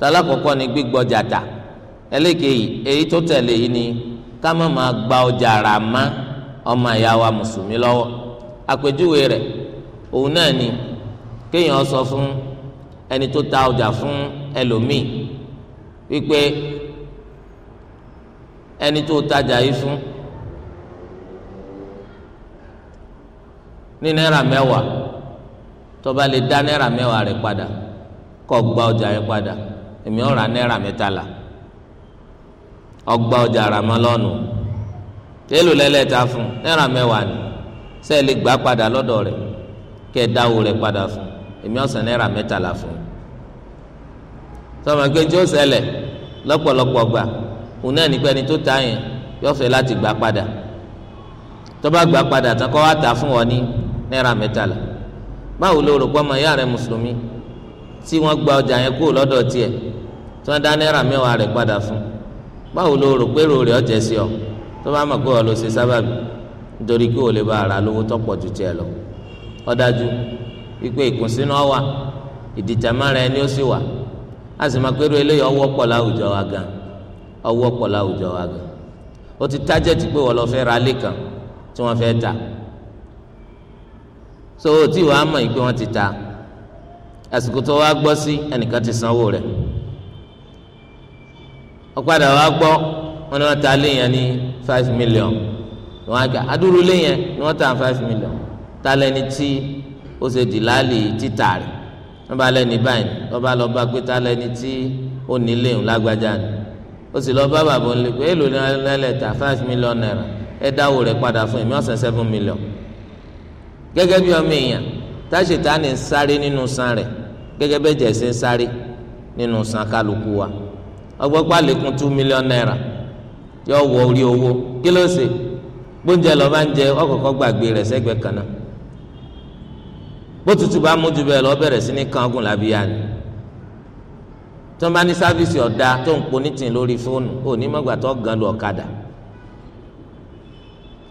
tàlákọ̀ọ́kọ́ ni gbígbọ́jà tà ẹlẹ́kẹ̀ẹ́ èyí tó tẹ̀lé yìí ni ká má máa gba ọjà rà má ọmọ ìyá wa mùsùlùmí lọ́wọ́ àpèjúwe rẹ̀ òun náà ni kéèyàn sọ fún ẹni tó ta ọjà fún ẹlòmíì wípé ẹni tó tajà yìí fún ní náírà mẹ́wàá tó lè dá náírà mẹ́wàá rẹ̀ padà kó gba ọjà yẹn padà èmi ó ra náírà mẹ́tàlá ọgbà ọjà ramalọ́nù tẹ́lù lẹ́lẹ́ta fún náírà mẹ́wàá ni sẹ́ẹ̀lì gbà padà lọ́dọ̀ rẹ̀ kẹ́ ẹ dáwó rẹ̀ padà fún èmi ọ̀sán náírà mẹ́tàlá fún un. sọmọ pé tí ó ṣẹlẹ̀ lọ́pọ̀lọpọ̀ gbà òun náà nípa ẹni tó ta yẹn yóò fẹ́ láti gbà padà tó bá gbà padà tán kọ́ wá tà fún wọn ní náírà mẹ́tàlá báwo ló rò ìyá rẹ̀ mùsùlùmí tí wọ́n gba ọjà yẹn kúrò lọ́dọ̀ tiẹ̀ tí wọ́n dá náírà mẹ́wàá rẹ̀ padà fún un báwo lo rò pé ròrè ọ̀jẹ̀ sí ọ tó bá mọ̀ pé ọ lọ ṣe sábàbí nítorí kí o lè bá ara lówó tọ́pọ̀ ju tiẹ̀ lọ ó dájú wípé ìkùnsínú ọ wà ìdìjàmára ẹni ó sì wà a sì máa pérò eléyìí ọwọ́ pọ̀ láwùjọ wa gan ọwọ́ pọ̀ láwùjọ wa gan ó ti tájẹ́tì pé wọ́n lọ fẹ́ ra ilé kan tí wọ́n fẹ́ ta so tí wàá mọ̀ yìí pé wọ́n ti ta àsìkò tó wá gbọ́ sí ẹnìkan ti sanwó rẹ̀ ọ̀padà wa gbọ́ wọn ni wọ́n ta léyìn ní five million ni wọ́n gbà adúrú léyìn ni wọ́n ta five million ta lẹni tí ó ṣe dìláàlì títà rẹ̀ wọ́n bá lẹ́ni báyìí wọ́n bá lọ bá gbé ta lẹni tí ó ní léyìn lágbájá ni ó sì lọ bá bàbá òun lè pé èlò lẹ́lẹ́ta five million naira ẹ dáwó rẹ̀ padà fún èmi ọ̀sẹ̀ seven million gẹ́gẹ́ bí ọmọ èèyàn táṣetá ni ń sáré nínú san rẹ̀ gẹ́gẹ́ bẹ́ẹ̀ jẹ̀ ṣe sáré nínú san kálukú wa ọgbọ́pọ̀ àlékún two million naira yóò wọ orí owó kí ló ṣe gbóúnjẹ lọ bá ń jẹ ọkọ̀ọ̀kọ̀ gbàgbé rẹ̀ sẹ́gbẹ̀ẹ́ kan náà bó tutù bá mójú bẹ́ẹ̀ lọ bẹ̀rẹ̀ sí ní kan ọgùn ni tó ń bá ní sáfíìsì ọ̀dà tó ń ponítìn lórí fóònù ò ní mọ̀gbà tó gan lu ọ̀kadà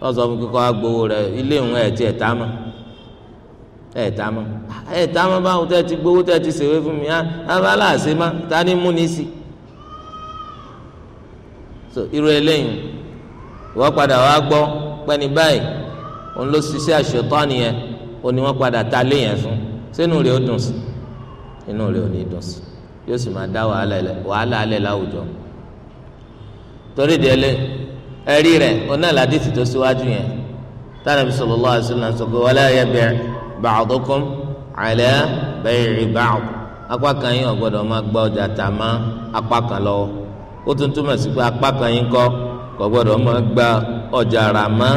lọ́sọ̀ fún kíkọ́ agbowó rẹ̀ ilé ìhun ẹ̀ tí ẹ̀ mọ́ ẹ̀ mọ́ ẹ̀ mọ́ báwo tẹ́ ti gbowó tẹ́ ti ṣèwé fún mi á bá láàṣẹ ta ni mú ní sí i so irú eléyìí wọ́n padà wá gbọ́ pẹ́ni báyìí òun ló ṣiṣẹ́ àṣetọ́ nìyẹn òun ni wọ́n padà ta lé yẹn fún sínú rẹ̀ ó dùn sí inú rẹ̀ ò ní dùn sí yóò sì máa dá wàhálà alẹ́ láwùjọ torí délé ẹ̀rí rẹ̀ oná làdìsí tó síwájú yẹn tánàbí sallallahu alaihi wasallam sọ pé wala yabi' ba'dukum ala bay'i ba'd apá kan yín ò gbọ́dọ̀ máa gba ọjà tà má apá kan lọ́wọ́ ó tún túmọ̀ sí pé apá kan yín kọ́ kò gbọ́dọ̀ máa gba ọjà rà mọ́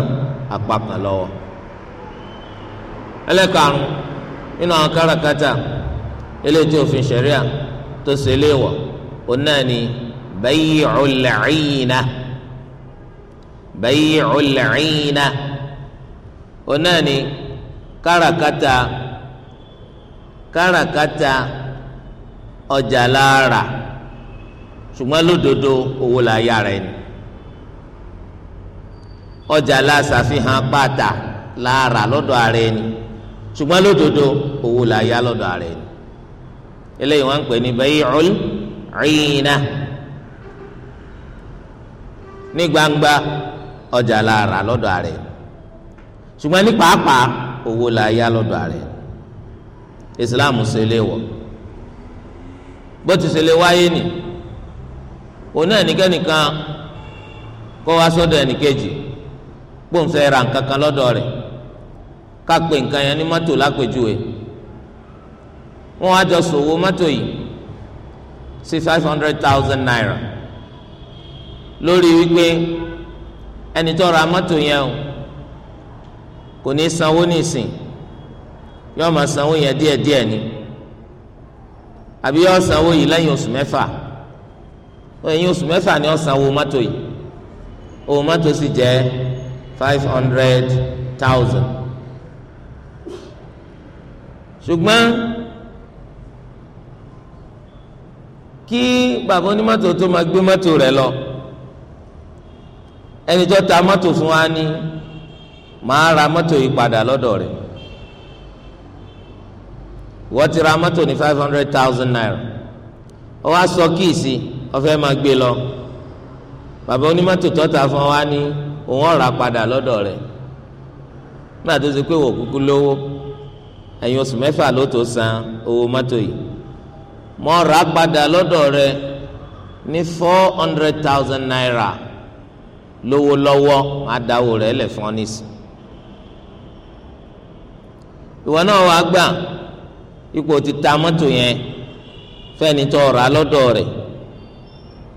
apá kan lọ́wọ́. ẹlẹ́karùn-ún nínú àwọn káràkátà eléjì òfin ṣẹ̀ríà tó ṣe léèwọ̀ òun náà ni bay'ul 'ayna bay'ul 'ayna òun náà ni káràkátà káràkátà ọjà lára ṣùgbọ́n lódodo owó la yára ẹni ọjà la ṣàfihàn pàtà láàrà lọ́dọ̀ ara ẹni ṣùgbọ́n lódodo owó la yá lọ́dọ̀ ara ẹni eléyìí wọ́n ń pè ní bay'ul 'ayna ní gbangba ọjà la rà lọ́dọ̀ ara ṣùgbọ́n ní pàápàá owó la yá lọ́dọ̀ ara Islam ṣe lé wọ̀ bó ti ṣe lé wáyé nìyí. ona náà nìkẹ́nìkan kọ́ wá sọ́dọ̀ ẹnìkejì gbóǹsẹ̀ ra nǹkan kan lọ́dọ̀ rẹ̀ ká pè nǹkan yẹn ní mọ́tò lápèjúwe wọ́n á jọ ṣòwò mọ́tò yìí sí five hundred thousand naira lórí wípé ẹni mato ra mọ́tò yẹn o kò ní sanwó nísìn yóò máa sanwó yẹn díẹ̀díẹ̀ ni àbí yóò sanwó yìí lẹ́yìn oṣù mẹ́fà. ẹ̀yìn oṣù mẹ́fà ni ọ̀sán owó mọ́tò yìí owó mọ́tò sì jẹ́ five hundred thousand ṣùgbọ́n kí bàbá onímọ́tò tó máa gbé mọ́tò rẹ̀ lọ ẹni tó ta mọ́tò fún wa ni màá ra mọ́tò yìí padà lọ́dọ̀ rẹ̀ wọ́n ti ra mọ́tò ní five hundred thousand naira ó wá sọ kíì sí ọfẹ máa gbé lọ bàbá onímọ́tò tọ́ta fún wa ní òun ọ̀rà padà lọ́dọ̀ rẹ̀ nígbà tó ṣe pé wò kúkú lówó ẹ̀yìn oṣù mẹ́fà ló tó san owó mọ́tò yìí mọ́ ọ̀rà padà lọ́dọ̀ rẹ̀ ní four hundred thousand naira lówó lọ́wọ́ máa dáwó rẹ̀ lẹ̀ fún ọ nísìn ìwọ náà wàá gbà ipò ti ta mọ́tò yẹn fẹ́ni tó ọ̀rà lọ́dọ̀ rẹ̀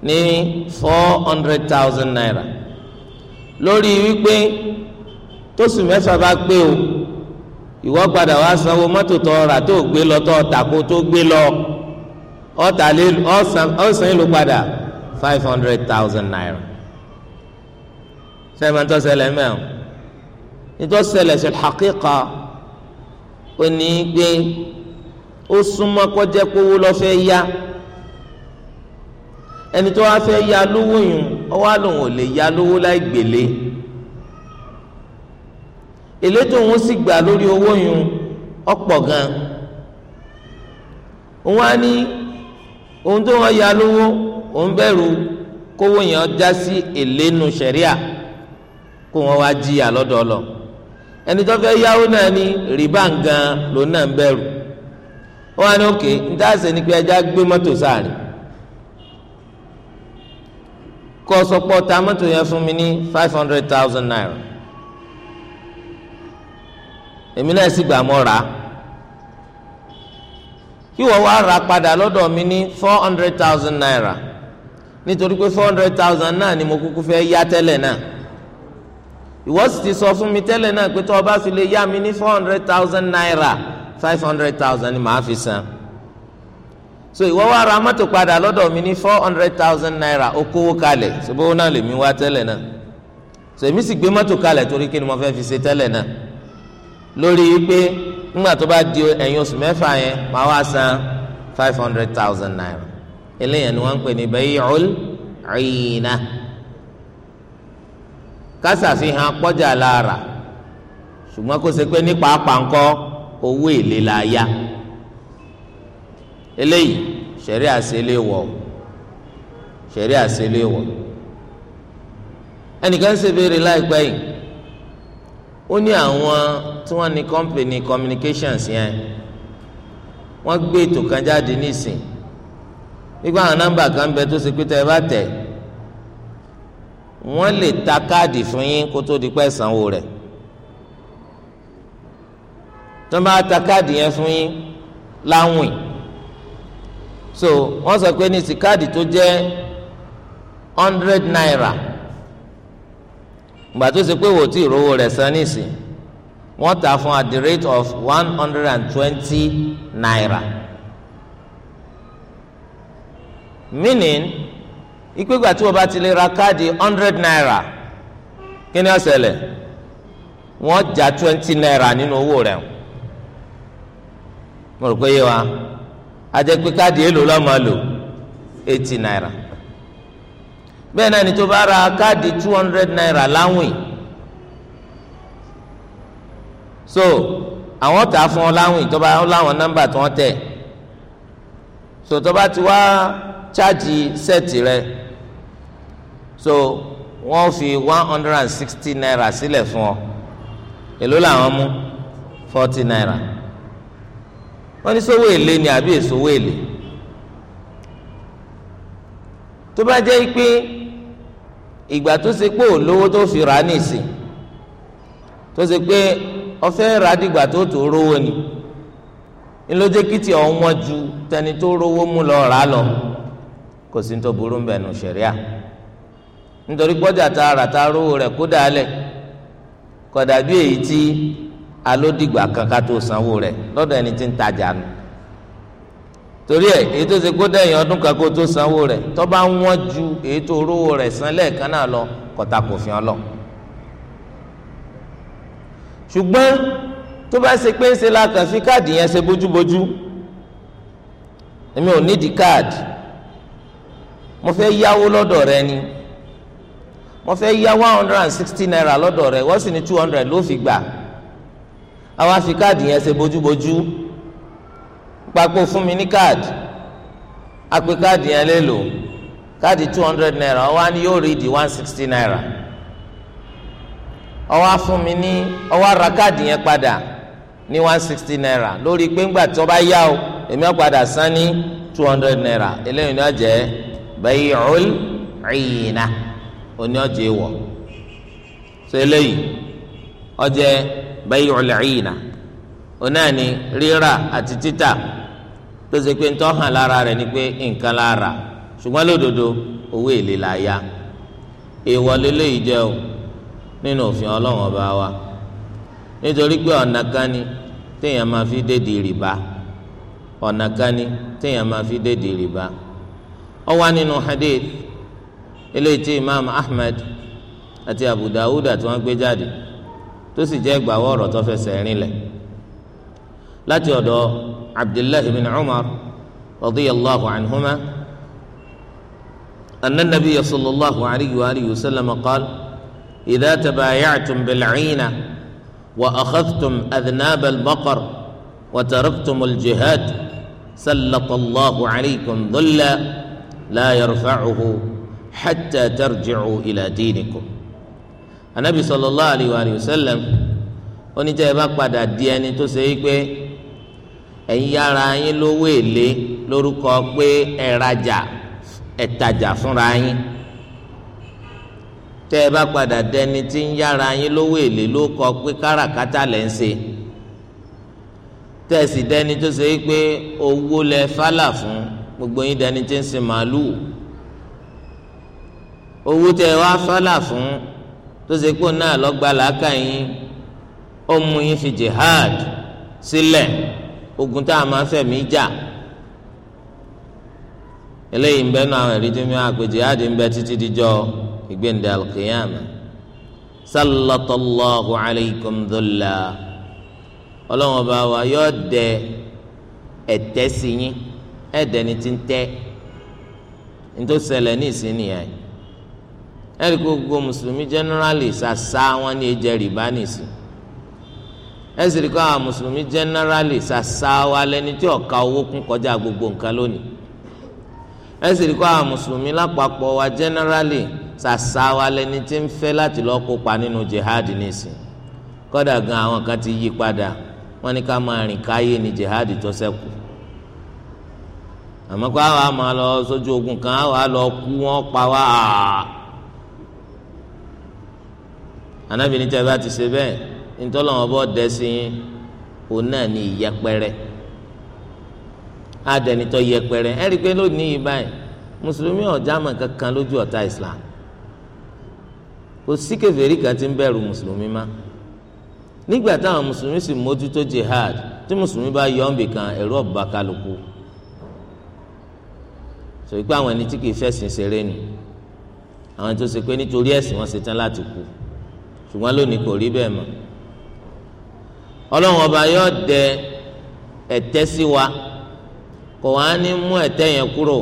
ní four hundred thousand naira lórí wípé tóṣù mẹ́fà bá gbé o ìwọ padà wá sanwó mọ́tò tó rà tó gbé lọ tó ọ̀tà kó tó gbé lọ ọ̀tà lé ọ̀sán ìlú padà five hundred thousand naira sẹ́yìn máa ń tọ́sẹ̀lẹ̀ mẹ́rin nítọ́sẹ̀lẹ̀ ṣe hàkíkà ó ní gbé ó súnmọ́ kọjá kówó lọ́fẹ́ yá ẹni tó wá fẹ́ ya lówó yìí ó wá lòun ò lè ya lówó láì gbèlé èlé tó òun sì gbà lórí owó yìí ọ̀pọ̀ gan òun á ní ohun tó wọ́n ya lówó òun bẹ̀rù kówó yẹn já sí èlé nu kó wọ́n wá jìyà lọ́dọ̀ ọlọ ẹni tó fẹ́ yáwó náà ní rìbá gan lòun náà bẹ̀rù wọ́n á ní òkè ní ni pé ẹja gbé mọ́tò sáàrin kó sọ pé ọ̀tá mọ́tò yẹn fún mi ní five hundred thousand naira èmi náà sì gbà mọ́ ra kí wọ́n wá ra padà lọ́dọ̀ mi ní four hundred thousand naira nítorí pé four hundred thousand náà ni mo kúkú fẹ́ yá tẹ́lẹ̀ náà ìwọ sì ti sọ fún mi tẹ́lẹ̀ náà pé tó o bá fi lè yá mi ní four hundred thousand naira five hundred thousand ni màá fi san so ìwọ wá ra mọ́tò padà lọ́dọ̀ mi ní four hundred thousand naira ó kówó kalẹ̀ ṣùgbọ́n náà lèmi wá tẹ́lẹ̀ náà so èmi sì gbé mọ́tò kalẹ̀ torí kí ni mo fẹ́ fi ṣe tẹ́lẹ̀ náà lórí wípé nígbà tó bá di ẹ̀yìn oṣù mẹ́fà yẹn màá wá san five hundred thousand naira eléyàn ni wọ́n ń pè ní bay'ul 'ayna kásàfihàn pọ́jà lára ṣùgbọ́n kó ṣe pé ní pàápàá ńkọ́ owó èlé la yá eléyìí sẹ̀rí àṣẹlẹ̀ wọ̀ sẹ̀rí àṣẹlẹ̀ wọ̀ ẹnìkan ṣe béèrè láìpẹ́ yìí ó ní àwọn tí wọ́n ní company communications yẹn wọ́n gbé ètò kan jáde nísìn nígbà àwọn nọ́mbà kan bẹ tó ṣe pé tẹ́ ẹ bá tẹ̀ wọ́n lè ta káàdì fún yín kó tó di pẹ́ sanwó rẹ̀ tó bá ta káàdì yẹn fún yín láwìn so wọ́n sọ pé ní síkáàdì tó jẹ́ hundred naira gbà tó ṣe pé wò tí ìrówó rẹ̀ san nísìn wọ́n tà fún at the rate of one hundred and twenty naira meaning ìpégbà tí wọ́n bá ti lè ra káàdì hundred naira kí ni ó ṣẹlẹ̀ wọ́n já twenty naira nínú owó rẹ̀ mo rò pé yé wa ajẹ́ pé káàdì èlò la máa lò eighty naira bẹ́ẹ̀ náà ni tó bá ra káàdì two hundred naira láwìn so àwọn tà á fún ọ láwìn tó bá láwọn nọ́mbà tó wọ́n tẹ̀ so tó bá ti wá chaajì sẹ́ẹ̀tì rẹ so wọ́n fi one hundred and sixty naira sílẹ̀ fún ọ èló làwọn mú forty naira. wọ́n ní sówó èlé ni àbí èsówó èlé tó bá jẹ́ pé ìgbà tó ṣe pé ò tó fi rà nìsín tó ṣe pé ọfẹ́ rà dìgbà tó tó rówó ni ńlọ́jẹ́kìtì ọ̀wọ́n ju tẹni tó rówó mú lọ rà lọ kò sí tó burú nù sẹ̀ríà nítorí gbọ́dọ̀ rówó rẹ̀ kó bí èyí alódìgbà kan ká tó sanwó rẹ̀ lọ́dọ̀ ẹni tí ń tajà nù torí ẹ èyí tó ṣe kó dẹ̀yìn ọdún kan kó tó sanwó rẹ̀ tó bá wọ́n ju èyí tó rówó rẹ̀ san lẹ́ẹ̀kan náà lọ kọ̀tà kò fi hàn lọ. ṣùgbọ́n tó bá ṣe pé ń ṣe la kàn káàdì yẹn ṣe bójúbójú èmi ò nídìí káàdì mo fẹ́ yáwó lọ́dọ̀ rẹ ni mo fẹ́ yá one hundred and sixty naira lọ́dọ̀ rẹ wọ́n sì ní two hundred ló fi gbà. àwọn afi káàdì yẹn ṣe bójúbójú papò fún mi ní káàdì apè káàdì yẹn lè lò káàdì two hundred naira ọwọ́ ní yóò rí di one naira ọwọ́ fún mi ní ọwọ́ á káàdì naira lórí pé ńgbà tí wọ́n bá yá o èmi san ní two hundred naira eléyìí ni wọ́n jẹ́ bay'ul 'ayna oní ọjọ́ ìwọ̀ eléyìí bẹ́ẹ̀ yọ̀ lẹ́yìn náà ni rírà àti títà tó ṣe pé ntọ́ lára rẹ̀ ni pé nǹkan lára ṣùgbọ́n lódodo owó èlé la ya èèwọ̀ lélẹ́yìí jẹ́ o nínú òfin wa nítorí pé ọ̀nà kan ni téèyàn máa fi dédi rìbá ọ̀nà kan ni téèyàn máa fi dédi rìbá ó wà nínú hadith eléyìí tí imam ahmed àti abu dawud àti wọn gbé jáde. tó sì jẹ́ ìgbàwọ́ ọ̀rọ̀ tó fẹsẹ̀ rinlẹ̀ láti ọ̀dọ̀ abdullahi bin umar radiyallahu anhuma anna nabiyya sallallahu alayhi wa alihi wa sallam qaal idha tabayactum bilciina wa akhadtum adnaab albaqar wa taraktum aljihad sallata allahu calaykum dhulla la yarfacuhu xataa tarjicuu ila diinikum anabi sallallahu alayhi wa sallam oníjẹ́ ẹ bá padà di ẹni tó ṣe wípé ẹ̀yin yára yín lówó èlé lórúkọ pé ẹ rajà ẹ tajà fúnra yín tẹ́ ẹ bá padà dẹni tí ń yára yín lówó èlé ló kọ pé káràkátà lẹ́ ń ṣe tẹ́ dẹni tó ṣe wípé owó lẹ fálà fún gbogbo yín dẹni tí ń sin màálù owó tẹ́ ẹ wá fálà fún tó ṣe kó náà lọ́gba làákà yín ó mú yín fi jihad sílẹ̀ ogun tá a máa fẹ̀mí jà eléyìí ń bẹ nínú àwọn ẹ̀rí tó jihad ń bẹ títí dijọ́ ìgbéǹde alkiyama sallallahu alaykum dùlà ọlọ́wọ́n bá wa yóò dẹ ẹ̀tẹ́ sí yín ẹ̀dẹ́ni tí ń tẹ́ nítòsẹ̀lẹ̀ ní ìsìn nìyẹn ẹ̀rí gbogbo mùsùlùmí generally ṣàṣà wọn ní ẹjẹ rìbá nìsí ẹ̀sìn rí kọ́ àwọn mùsùlùmí generally ṣàṣà wa lẹ́ni tí ọ̀ka owó kún kọjá gbogbo nǹkan lónìí ẹ̀sìn rí kọ́ àwọn mùsùlùmí lápapọ̀ wa generally ṣàṣà wa lẹ́ni tí ń fẹ́ láti lọ́ọ́ kópa nínú jihad nìsí kọ́dà gan àwọn kan ti yí padà wọ́n ní ká máa rìn káyé ní jihad tó ṣẹ́kù àmọ́ kó àwọn àmọ́ lọ sójú ogun kan àwọn àlọ́ kú wọ́n pa wá àà anábì ní tẹ́lẹ̀ bá ti ṣe bẹ́ẹ̀ ntọ́lọ́wọ́n bọ́ dẹ́ sí yín òun náà ní ìyẹpẹrẹ adẹnitọ́ yẹpẹrẹ ẹ rí i pé lónìí yìí báyìí mùsùlùmí ọ̀já mọ̀ kankan lójú ọ̀tá Islam kò sí kèfèrí kan tí ń bẹ̀rù mùsùlùmí má nígbà táwọn mùsùlùmí sì mójútó jihad tí mùsùlùmí bá yọ̀ ọ́nbì kan ẹ̀rú ọ̀bà kálukú sọ wípé àwọn ẹni tí kì í fẹ̀sìn ṣeré nù àwọn tó ṣe pé nítorí ẹ̀sìn wọn ṣe tán láti kú ṣùgbọ́n lónìí kò rí bẹ́ẹ̀ mọ́ ọlọ́run ọba yóò dẹ ẹ̀tẹ́ sí wa kò wá ní mú ẹ̀tẹ́ yẹn kúrò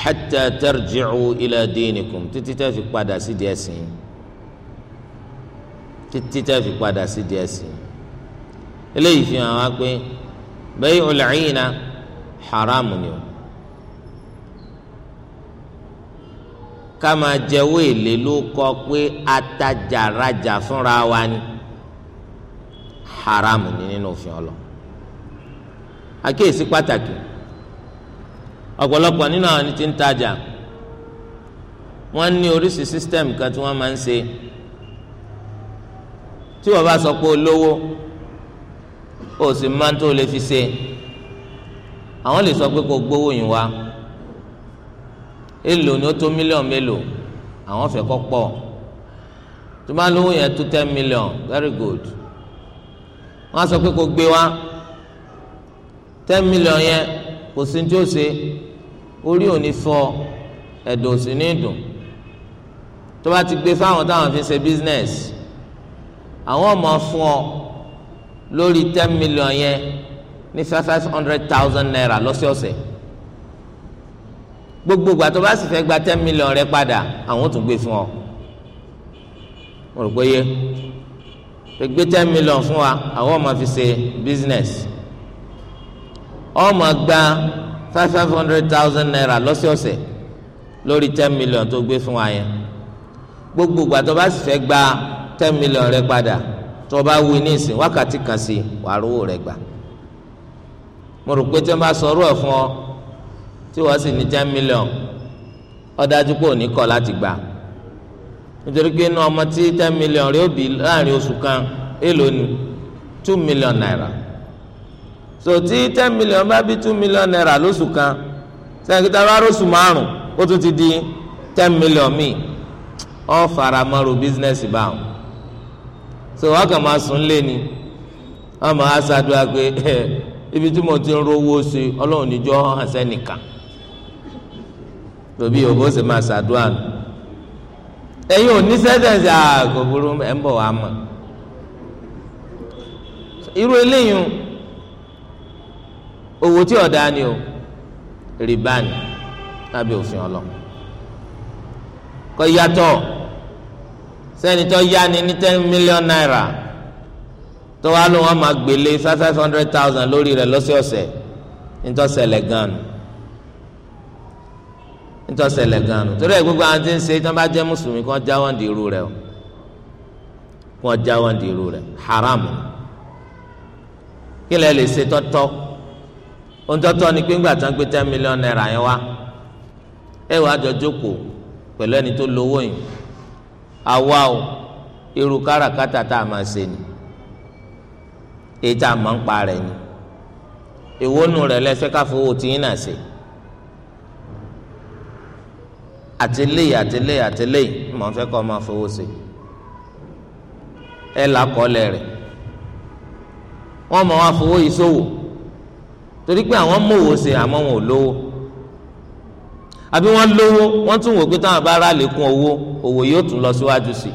hatta tarji'u ila dinikum títí tẹ́ fi padà sí díẹ̀ sí títí tẹ́ fi padà sí díẹ̀ sí eléyìí fi hàn wá pé bay'ul 'ayna haramu ni o. ká máa jẹwọ́ èlé ló kọ pé atajàrajà fúnra wa ni haram ni nínú òfin ọlọ àkíyèsí pàtàkì ọ̀pọ̀lọpọ̀ nínú àwọn ẹni tí ń tajà wọ́n ní oríṣi system kan tí wọ́n máa ń ṣe tí wọ́n bá sọ pé olówó ó sì máa ń tó lè fi ṣe àwọn lè sọ pé kó gbówó yín wá èlò ni ó tó mílíọ̀nù mélòó àwọn fẹ́ kọ́ pọ̀ tó bá lówó yẹn tó ten million very good wọ́n á sọ pé kó gbé wá ten million yẹn kò sí tí ó ṣe orí ò ní fọ́ ẹ̀dọ̀ ò sì ní dùn tó bá ti gbé fáwọn táwọn fi ṣe business àwọn ọmọ fún ọ lórí ten million yẹn ní five hundred thousand naira lọ́sọ̀ọ̀sẹ̀ gbogbo ìgbà tó bá sì fẹ́ gba ten million rẹ padà àwọn ò tún gbé fún ọ mo rò pé yé gbé ten million fún wa àwọn ọmọ fi ṣe business ọmọ gba five five hundred thousand naira lọ́sọ̀ọ̀sẹ̀ lórí ten million tó gbé fún wa yẹn gbogbo ìgbà tó bá sì fẹ́ gba ten million rẹ padà tó bá wí ní ìsìn wákàtí kan sí wàá rówó rẹ gbà mo rò pé tí wọ́n bá sọ ọ̀rọ̀ ẹ̀ fún ọ tí wọ́n sì ní ten million ọ̀dájú pé òní kọ̀ láti gbà nítorí pé inú ọmọ tí ten million rí òbí láàrin oṣù kan èèlò ni two million naira so tí ten million bá bí two million naira lóṣù kan sẹ́ńkítà bá rọ́ṣù márùn ó tún ti di ten million bísínẹ́sì báwọn so tóbi òbó se máa ṣàdúrà nù ẹ̀yin ò ní sẹ́sẹ̀nsì àgò burú ẹ̀ ń bọ̀ wá mọ̀ irú eléyìí owó tí ọ̀dà ni o rìbá ni lábẹ́ òfin ọlọ́run kọ́ yàtọ̀ sẹ́ni yá ni ní ten million naira tó wá ló wọn máa gbélé five hundred thousand lórí rẹ̀ lọ́sọ̀ọ̀sẹ̀ nítọ́sẹ̀lẹ̀ gan-an nítòsẹ̀lẹ̀ gan-an torí ẹ̀ gbogbo àwọn tí ń ṣe tí wọ́n bá jẹ́ mùsùlùmí kí wọ́n jáwọ́ di irú rẹ̀ o kí wọ́n jáwọ́ di irú rẹ̀ haram kí lẹ lè ṣe tọ́tọ́ ohun tọ́tọ́ ni pé ńgbà tí wọ́n gbé ten million naira yẹn wá ẹ wàá jọ jókòó pẹ̀lú ẹni tó lówó yìí àwa o irú káràkátà tá a máa ṣe ni èyí tá a máa ń pa rẹ̀ ni ìwónú rẹ̀ lẹ́sẹ̀ káfọwọ́ tí yín náà ṣe. àtẹlẹyìn àtẹlẹyìn àtẹlẹyìn mọ̀ n fẹ́ kọ́ máa fowó sí ẹ là kọ́lẹ̀ rẹ̀ wọ́n mọ̀ wá fowó yìí sówò torí pé àwọn mòwò sí àmọ́ wọn ò lówó àbí wọ́n lówó wọ́n tún wò pé táwọn bá rà lékún owó òwò yóò tún lọ síwájú sí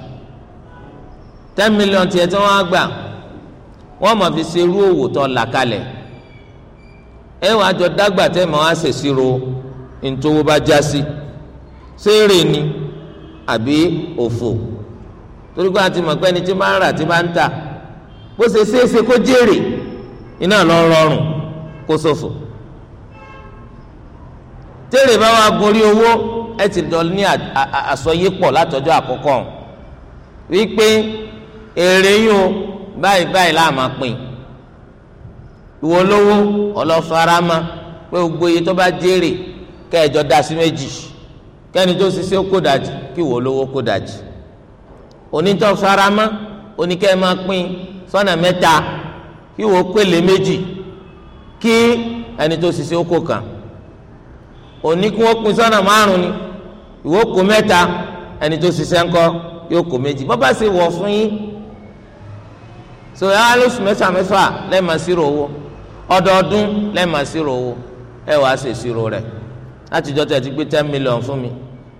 ten million tiẹ̀ tí wọ́n á gbà wọ́n mọ̀ fi ṣe irú òwò tó là kalẹ̀ ẹ wàá jọ dágbà tẹ́ mọ̀ wá ṣèṣirò ntòwó bá já sí. Si séèrè ni àbí òfò torí pé àti mọ̀ pé ẹni tí máa ń rà tí máa ń tà bó ṣe ṣeéṣe kó jèrè iná lọ rọrùn kó ṣòfò tèrè bá wa gorí owó ẹ ti dọ ní àsọyépọ̀ látọjọ́ àkọ́kọ́ wípé èrè yìí báyìí báyìí la máa pín ìwọ lówó ọlọ́farama pé gbogbo iye tó bá jèrè kẹjọ dá méjì. kẹ́ni tó ṣiṣẹ́ kó kí wò lówó kó dàjì farama oníkẹ́ máa pín sọ́nà mẹ́ta kí wò pèlè méjì kí ẹni tó ṣiṣẹ́ kó kàn òní wọ́n pín sọ́nà márùn ni ìwọ kó mẹ́ta ẹni tó ṣiṣẹ́ ńkọ́ yóò kó méjì bọ́bá wọ̀ fún yín alóṣù mẹ́fà mẹ́fà lẹ́ẹ̀ma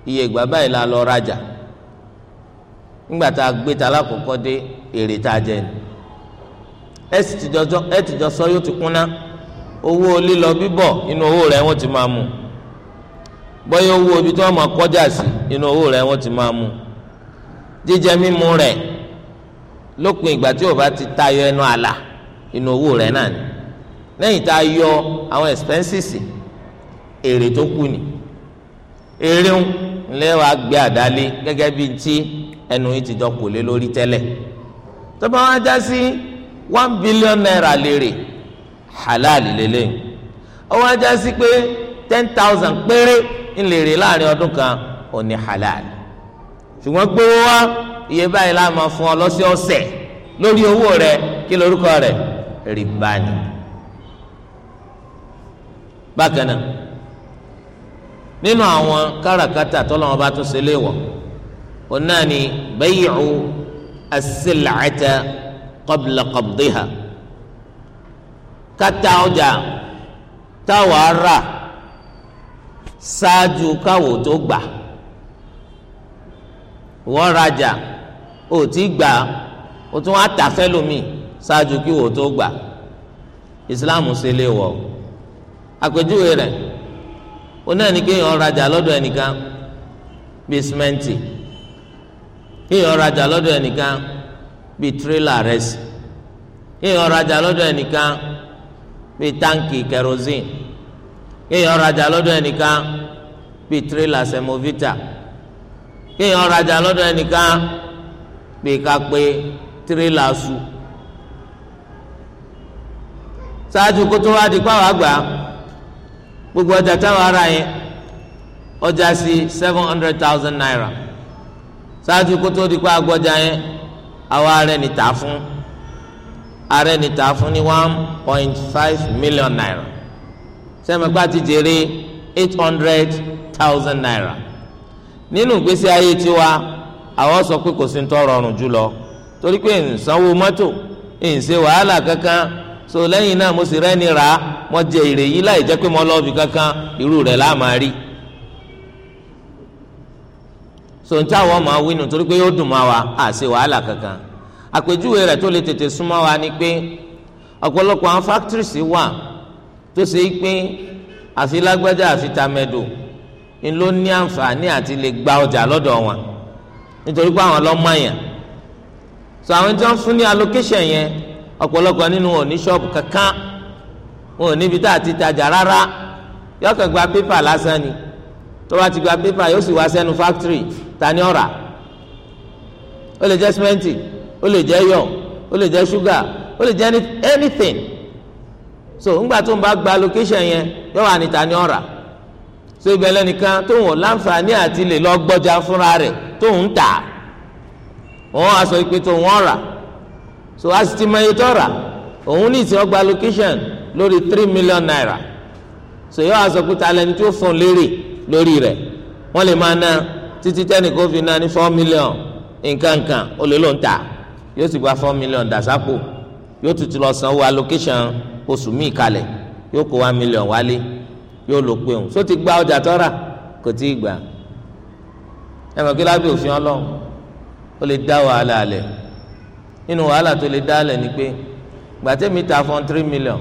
iye ìgbà báyìí la lọ rajà ńgbà tá a gbé ta lákòókò dé èrè tá a jẹ ni ẹ ti jọ sọ yóò ti kúnná owó lílọ bíbọ̀ inú owó rẹ̀ wọ́n ti máa mú bọ́yá owó ibi tí wọ́n máa kọjá sí inú owó rẹ wọn ti máa mú jíjẹ mímu rẹ̀ lópin ìgbà tí o bá ti tayọ ẹnu àlà inú owó rẹ náà ni lẹ́yìn tá a yọ àwọn expenses èrè tó kù ni èrè ń ńlẹ́ wàá gbé àdálé gẹ́gẹ́ bí ti ẹnu yìí ti jọ kò lé lórí tẹ́lẹ̀ tó bá wá já sí one billion naira lérè halal lélẹ́yìn ó wá já sí pé ten thousand péré ńlèrè láàrin ọdún kan ò ní halal ṣùgbọ́n gbówó wá iye báyìí la máa fún ọ lọ́sọ̀ọ̀sẹ̀ lórí owó rẹ kí lorúkọ rẹ rìbá ni bákan náà nínú àwọn káràkátà tọ́lọ́wọ́n bá tún ṣe léèwọ̀ òun náà ni bay'u as-sil'ata qabla qabdiha kátà ọjà táwa rà ṣáájú káwò tó gbà wọ́n rajà ò tí gbà ó tún wá tà fẹ́lòmíì ṣáájú kíwò tó gbà ìsìláàmù ṣe léèwọ̀ àpèjúwe rẹ̀ ó náà ní kéèyàn rajà lọ́dọ̀ ẹnìkan bíi simẹ́ǹtì kéèyàn rajà lọ́dọ̀ ẹnìkan bíi tírélà rẹ́sì kéèyàn rajà lọ́dọ̀ ẹnìkan bíi táǹkì kẹrosin kéèyàn rajà lọ́dọ̀ ẹnìkan bíi tírélà sẹ̀mọ́vítà kéèyàn rajà lọ́dọ̀ ẹnìkan bíi kápé tírélà su ṣáájú kótó wá di pàwọ́ àgbà. gbogbo ọjà táwọn ará yẹn ọjà sí seven hundred thousand naira ṣáájú kó tó di pa agbọjà yẹn àwọn ará ẹni tà fún ará ẹni tà fún ní one point five million naira sẹ́mẹ̀pá ti jèrè eight hundred thousand naira nínú ìgbésí ayé tiwa àwọn sọ pé kò sí ní tọrọ ọrùn jùlọ torí pé ìsanwó mọ́tò ìṣe wàhálà kankan so lẹ́yìn náà mo sì rẹ́ni rà á mo jẹ èrè yìí láì jẹ́ pé mo lọ fi kankan irú rẹ̀ la máa so sọ̀ntà wọ́n máa wí nù torí pé yóò dùn máa wa à ṣe wàhálà kankan àpèjúwe rẹ̀ tó lè tètè súnmọ́ wa ni pé ọ̀pọ̀lọpọ̀ àwọn factories wà tó ṣe é pé àfi lágbájá àfi tamẹ́dò ń ló ní àǹfààní àti lè gba ọjà lọ́dọ̀ wọn nítorí pé àwọn lọ́mọ so àwọn tí wọ́n fún ní allocation yẹn ọ̀pọ̀lọpọ̀ nínú wọn ní ṣọ́ọ̀bù kankan wọn ò níbi tá a ti tajà rárá yóò kàn gba pépà lásán ni tó bá ti gba pépà yóò sì wá sẹ́nu fáktírì ta ni ọ̀rà ó lè jẹ́ sìmẹ́ǹtì ó lè jẹ́ yọ̀ ó lè jẹ́ ṣúgà ó lè jẹ́ anything so ńgbà tó ń bá gba location yẹn yóò wà níta ní ọ̀rà so ibẹ̀ lẹ́nìkan tó ń wọ̀ láǹfààní àti lè lọ gbọ́jà fúnra rẹ̀ tó ń tà òun aṣọ ìpè tó ń ọ̀rà so a sì ti mọ iye tó rà òun ní ìsìn ọgbà location lórí three million naira so yóò aṣọ kúta lẹni tí ó fún lérè lórí rẹ̀ wọ́n lè máa ná títí tẹ́nì kó fi ná ní four million nkankan ó lè ló ń tà yóò sì gba four million dàsápò yóò tutù lọ sanwó allocation oṣù míì kalẹ̀ yóò kó one million wálé yóò lò pé òun so ti gba ọjà tó rà kò tí ì gbà ẹ mọ̀ kí lábẹ́ òfin ọlọ́run ó lè dá wàhálà alẹ̀ nínú wàhálà tó lè dá alẹ̀ ni pé gbàtẹ́mi ta fún three million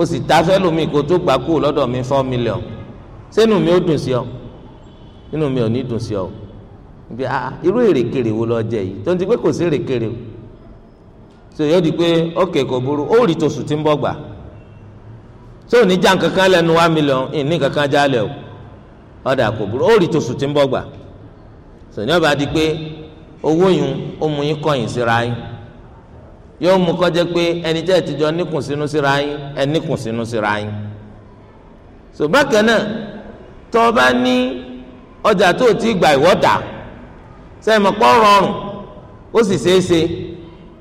o sì ta fẹ́ lómi kó tó gbà kú lọ́dọ̀ mi four million sẹ́nu mi ò dùn sí ọ inú mi ò ní dùn sí ọ bí a ah, irú èrèkèrè wo lọ jẹ yìí tó ń ti pé kò sí èrèkèrè o so yóò di pé ókè kò burú ó rí tosù tí ń bọ̀ gbà tó ní já nǹkankan lẹ́nu one million ìní kankan jálẹ̀ o ọ̀dà kò burú ó rí tosù tí ń bọ̀ gbà so ní ọba di pé owó yun ó mú yín kọ̀yìn síra yín. yóò mú kọjá pé ẹni tẹ́ ẹ ti jọ níkùn sínú síra yín ẹ níkùn sínú síra yín so bákan náà tó ọ bá ní ọjà tó o ti gbà ìwọ́dà sẹ́mi pọ́ rọrùn ó sì ṣeé ṣe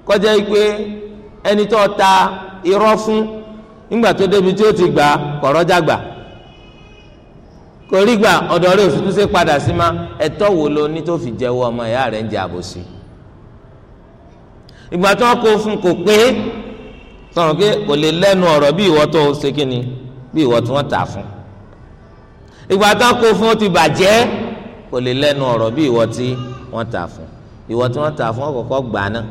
kó jẹ́ pé ẹni tó ta irọ́ fún nígbà tó débi tí ó ti gbà kọ̀rọ́jà gbà kò rí gbà ọ̀dọ̀ rẹ̀ òfin tó ṣe padà sí ma ẹ̀tọ́ wo lo ní tó fi jẹ́wọ́ ọmọ ìyá rẹ̀ ń jẹ àbòsí. ìgbà tí wọ́n kó fún kò pé sọ̀rọ̀ pé kò lè lẹ́nu ọ̀rọ̀ bí ìwọ tó ṣe kí ni bí ìwọ tí wọ́n tà fún ìgbà tí wọ́n kó fún ó ti bàjẹ́ kò lè lẹ́nu ọ̀rọ̀ bí ìwọ tí wọ́n tà fún ìwọ tí wọ́n tà fún ọ̀kọ̀ọ̀kọ̀ gbà náà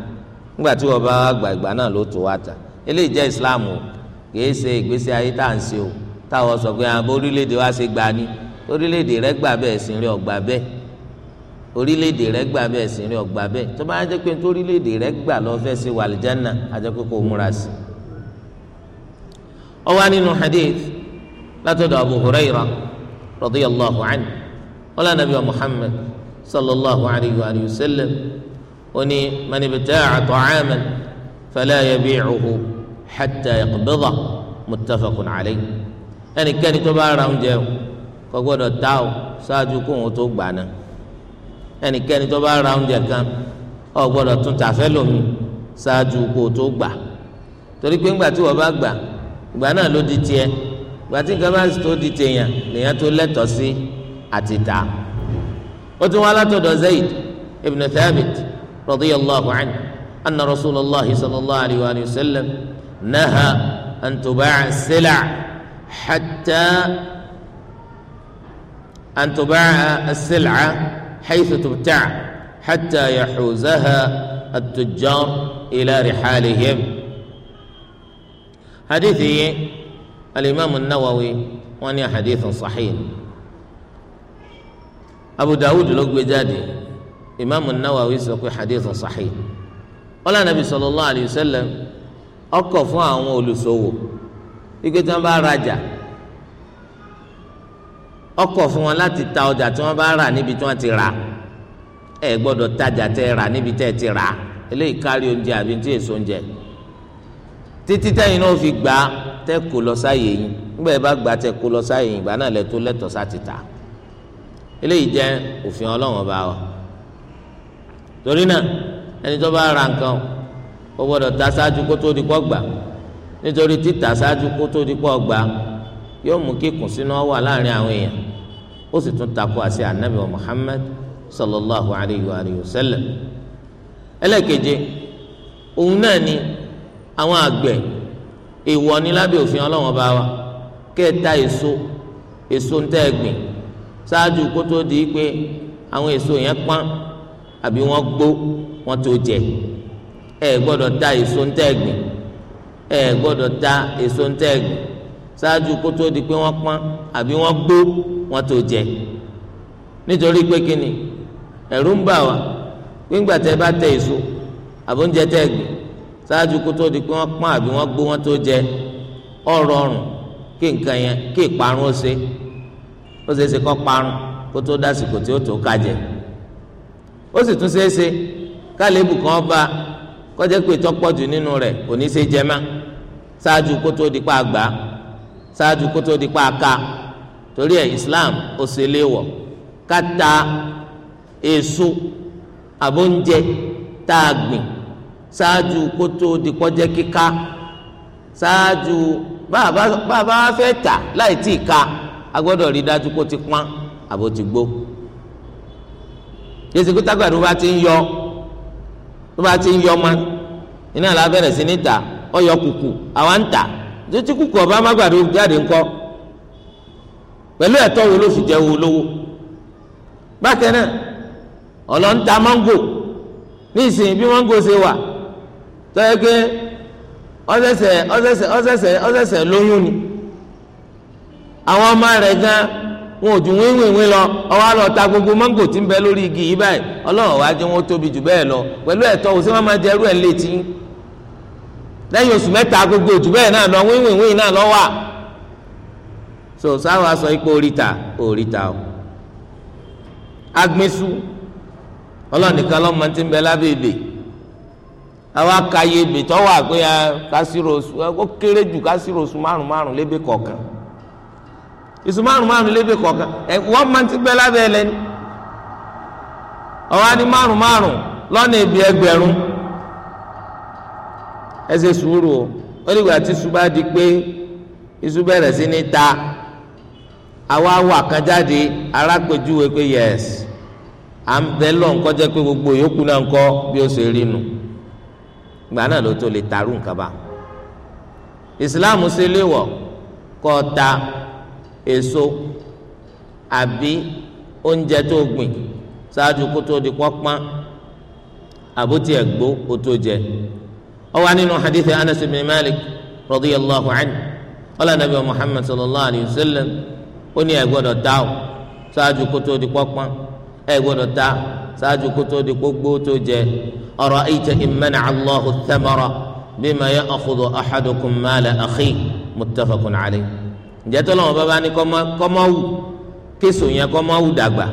nígbà tí wọ́n bá gbà ìgbà náà ló tó wá tà eléyìí jẹ́ Islam o kìí ṣe ìgbésí ayé tá à ń ṣe o táwọn sọ pé àwọn orílẹ̀-èdè wa ṣe gbà ni orílẹ̀-èdè rẹ gbà bẹ́ẹ̀ sì rí ọgbà bẹ́ẹ̀ orílẹ̀-èdè rẹ gbà bẹ́ẹ̀ sì rìn ọgbà bẹ́ẹ̀ tó bá jẹ́ pé nítorí orílẹ̀-èdè rẹ gbà lọ fẹ́ ṣe wà lìjánà àjẹ́ pé kò múra sí. ó wà nínú hadith látọ̀dọ̀ Abu Hurairah radiyallahu anhu wala nabi wa Muhammad sallallahu alayhi wa sallam ó ní man ibta'a ta'aman fala yabi'uhu hatta yaqbida muttafaqun alayhi ẹnikẹ́ni tó bá ra oúnjẹ kò tá o ṣáájú kóhun tó gbà ẹnikẹ́ni tó bá ra oúnjẹ kan ọ gbọ́dọ̀ tún tàfẹ́ lómi ṣáájú kó o tó gbà torí pé ńgbà tí wọ́n bá gbà ìgbà náà ló di tiẹ̀ ìgbà tí nǹkan bá tó di tèèyàn lèèyàn tó lẹ́tọ̀ọ́ sí àti tà ó tún wá látọ̀dọ̀ Zayd ibn Thabit radiyallahu anhu anna rasulallah sallallahu alayhi wa sallam naha an tuba'a sila hatta an tuba'a as حيث تبتع حتى يحوزها التجار إلى رحالهم حديثي الإمام النووي وأني حديث صحيح أبو داود لو بجادي إمام النووي سوق حديث صحيح قال النبي صلى الله عليه وسلم أقف àwọn olùsòwò ike tí wọn bá ọkọ̀ fún wọn láti ta ọjà tí wọ́n bá rà níbi tí wọ́n ti rà ẹ gbọ́dọ̀ tajà tẹ́ rà níbi tẹ́ ti rà eléyìí kárí oúnjẹ àbí tí èso oúnjẹ títí tẹ́yìn náà fi gbà tẹ́ kó lọ sáyè yín nígbà yẹn bá gbà tẹ́ kó lọ sáyè yín ìgbà náà lẹ tó lẹ́tọ̀ọ́ sáti ta eléyìí jẹ́ òfin ọlọ́wọ́n bá wa torí náà ẹni tó bá ra nǹkan ó gbọ́dọ̀ ta ṣáájú kó tó di pọ́ gbà nítorí títà ṣáájú kó tó di pọ́ gbà yóò mú kíkùn sínú ọ wà àwọn èèyàn ó sì tún takò àṣẹ anabi wa muhammad sallallahu alayhi wa alihi wa sallam ẹlẹ́keje òun náà ni àwọn àgbẹ̀ èèwọ̀ ni lábẹ́ òfin ọlọ́wọ́n bá wa kẹta èso èso ń tẹ́ gbìn ṣáájú kó tó di pé àwọn èso yẹn pọ́n àbí wọ́n gbó wọ́n tó jẹ ẹ gbọ́dọ̀ ta èso ń tẹ́ ẹ gbọ́dọ̀ ta èso ń tẹ́ ṣáájú kó tó di pé wọ́n pọ́n àbí wọ́n gbó wọn tó jẹ nítorí pé kíni ẹ̀rù ń bà wá gbígbà tẹ bá tẹ èso àbóúnjẹ tẹ gbìn ṣáájú kó tó di pé wọ́n pọ́n àbí wọ́n gbó wọ́n tó jẹ ọ̀rọ̀ ọ̀rùn kí nǹkan yẹn kí ìparun ó ṣe ó ṣe é ṣe kó parun kó tó dásìkò tí ó tó kájẹ ó sì tún ṣe é ṣe kálíbù kan bá kọjá pé tọ́pọ̀jù nínú rẹ̀ kò ní í ṣe jẹ má ṣáájú kó tó di pa àgbà ṣáájú kó tó di pa àka torí ẹ islam ó ṣe léèwọ̀ ká ta èso àbóúnjẹ tá a gbìn ṣáájú kó tó di kọjẹ́ kíká ṣáájú bàbá bàbá fẹ́ tà láì tí ì ka a gbọ́dọ̀ rí dájú kó ti pọ́n àbó ti gbó yéésì kó tágbàdo bá ti ń yọ tó bá ti ń yọ ọmọ iná la bẹ̀rẹ̀ sí ní ta ọyọ kùkù àwa ń tà tó kùkù ọba má gbàdo jáde ńkọ́ pẹ̀lú ẹ̀tọ́ wo ló fi jẹ́ wo lówó bákan náà ọlọ́ńtà mángò ní bí mángò ṣe wà tọ́yẹ pé ọ̀sẹ̀sẹ̀ ọ̀sẹ̀sẹ̀ ọ̀sẹ̀sẹ̀ lóyún ni àwọn ọmọ rẹ̀ gan wọn ò ju lọ ọwọ́ àlọ́ gbogbo mángò tí ń bẹ lórí igi yìí báyìí ọlọ́run wá jẹ́ tóbi jù so sáwọn aṣọ ipò oríta oríta o agbésù ọlọ́nìkan lọ́mọ tí ń bẹ lábẹ́ àwọn akaye èdè wà pé kásìròsù ó kéré jù kásìròsù márùn márùn lébè kọ̀ọ̀kan ìsù márùn márùn lébè kọ̀ọ̀kan ẹ wọ́n máa ti ń bẹ lábẹ́ ẹ ọ̀wá ni márùn márùn lọ́nà o ó dìgbà tí di pé bẹ̀rẹ̀ sí àwa wà kan jáde arápèjúwe pé yẹs à ń bẹ lọ nǹkan jẹ́ pé gbogbo yòókù náà ń kọ́ bí ó ṣe rí nu ìgbà náà ló tó lè tarú nǹkan bá ìsìláàmù ṣe léwọ̀ kọ́ ta èso àbí oúnjẹ tó gbìn ṣáájú kó tó di pọ́pọ́n àbótí ẹ̀gbó ó tó jẹ ó wà nínú hadith Anas Malik radiyallahu anhu ọlọ́nàbí Muhammad sallallahu alayhi wa sallam ó ní ẹ gbọ́dọ̀ ta o ṣáájú kó tó di pọ́pọ́n ẹ gbọ́dọ̀ ta ṣáájú kó tó di gbogbo tó jẹ ọ̀rọ̀ ayíjẹ ìmẹ́nà allahu tẹ́mọ̀rọ̀ bí ma yẹ ọ̀kùdọ̀ ahadukum mala akhi muttafaqun alayh ǹjẹ́ tó lọ́wọ́ bábá ní kọ́mọ́ wù késo yẹn kọ́mọ́ wù dàgbà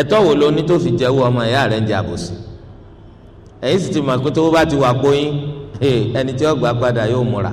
ẹ̀tọ́ wo ló ní tó fi jẹ́ wọ ọmọ ìyá rẹ̀ ń jẹ àbòsí ẹ̀yìn sì ti mọ̀ pé tó bá ti wà pọ́yìn ẹni tí ó padà yóò múra.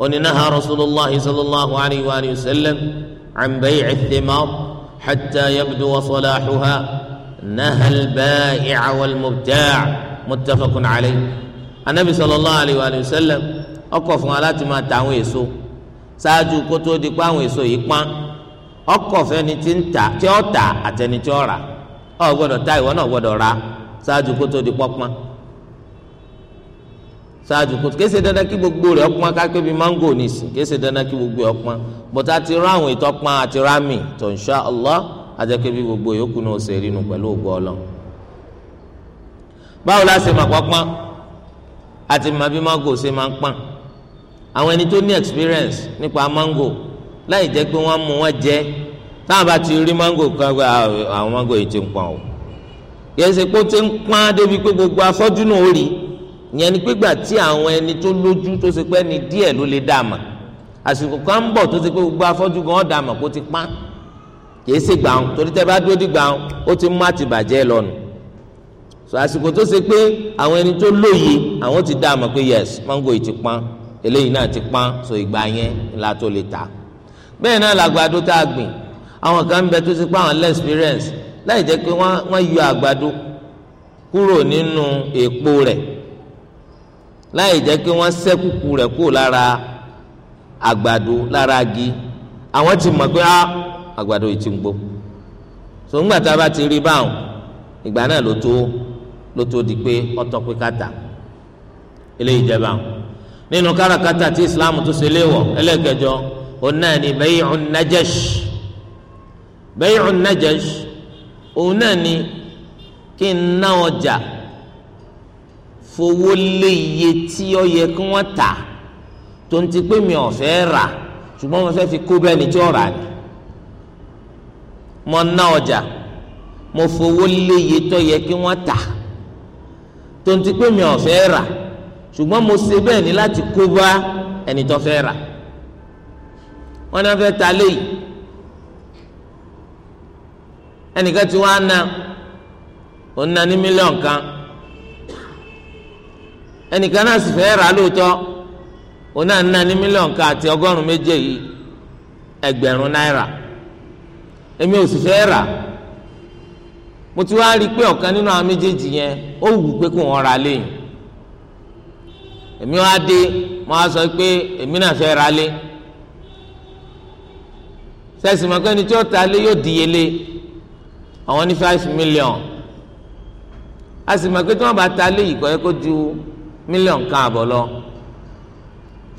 وننهى رسول الله صلى الله عليه وآله وسلم عن بيع الثمار حتى يبدو صلاحها نهى البائع والمبتاع متفق عليه النبي صلى الله عليه وآله وسلم ọkọ fún aláti máa ta àwọn èso ṣáájú kó tó di pa àwọn èso yìí pọ́n ọkọ fẹ́ni tí ń ta tí ó ta àtẹni tí ó rà ọ gbọ́dọ̀ ta ìwọ náà gbọ́dọ̀ rà ṣáájú kó tó di pọ pọ́n ṣáájú kò kése dandan kí gbogbo rẹ̀ ọpọn kápẹ́ bíi mango nìsí kése dandan kí gbogbo rẹ̀ ọpọn bọ́tà ti rán àwọn ètò ọpọn àti rámì tó insha Allah ajẹ́kẹ́ bí gbogbo yòókù náà ṣe rí nu pẹ̀lú ògbó ọlọ́ báwo la ṣe máa pọ́npọ́n àti màá bí mango ṣe máa ń pọ́n àwọn ẹni tó ní experience nípa mango láì jẹ́ pé wọ́n mú wọn jẹ táwọn bá ti rí mango kan gbé ah, àwọn mango yìí ti ń pọ́n o yẹ́n ṣe pé ó ti ń pọ́n débi pé gbogbo afọ́jú ó rí ìyẹn ni pé gbà tí àwọn ẹni tó lójú tó ṣe pé ẹni díẹ̀ ló lè dá àmà àsìkò kan ń bọ̀ tó ṣe pé gbogbo afọ́jú gan ọ̀dà àmà kó ti pán kìí ṣe gbà wọn torí tẹ́ bá dúró di gbà wọn ó ti mú àtìbàjẹ́ lọ́nu so àsìkò tó ṣe pé àwọn ẹni tó lóye àwọn ti dá àmà pé yes mango yìí ti pán eléyìí náà ti pán so ìgbà yẹn la tó lè ta bẹ́ẹ̀ náà làgbàdo tá a gbìn àwọn kan ń bẹ tó ṣe pé àwọn lẹ́ẹ̀spírẹ́ǹsì láì jẹ́ pé wọ́n yọ àgbàdo kúrò nínú èèpo rẹ̀ láì jẹ́ kí wọ́n sẹ́ kúkú rẹ̀ kúrò lára àgbàdo lára agi àwọn ti mọ̀ pé àgbàdo yìí ti ń gbó so ńgbà tá a bá ti rí báwọn ìgbà náà ló tó ló tó di pé ọtọ́ pé kàtà eléyìí jẹ́ báwọn nínú káràkátà tí Islam tó ṣe léwọ̀ ẹlẹ́kẹjọ òun náà ni bay'un najash bay'un najash òun náà ni kí n ná ọjà fowó lé iye tí ó yẹ kí wọ́n tà tó ń ti pé mi ò fẹ́ rà ṣùgbọ́n mo fẹ́ fi kó bẹ́ẹ̀ ni tí ó rà ni mo ná ọjà mo fowó lé iye tó yẹ kí wọ́n tà tó ń ti pé mi ò fẹ́ rà ṣùgbọ́n mo ṣe bẹ́ẹ̀ ni láti kó bá ẹni tó fẹ́ rà wọ́n náà fẹ́ ta léyìí ẹnìkan tí wọ́n á na òun na ní mílíọ̀nù kan ẹnìkan náà sì fẹ́ rà á lóòótọ́ òun náà ná ní mílíọ̀nù kan àti ọgọ́rùn-ún méje yìí ẹgbẹ̀rún náírà èmi ò sì fẹ́ rà mo ti wá rí i pé ọ̀kan nínú àwọn méjèèjì yẹn ó wù pé kò wọ́n ra léyìn èmi wá dé mo wá sọ pé èmi náà fẹ́ ra lé sẹ́sì mọ̀ pé ẹni tí ó ta lé yóò díyelé àwọn ní five million a sì mọ̀ pé tí wọ́n bá ta lé yìí kọ́ ẹ kó ju Million kan àbọ̀ lọ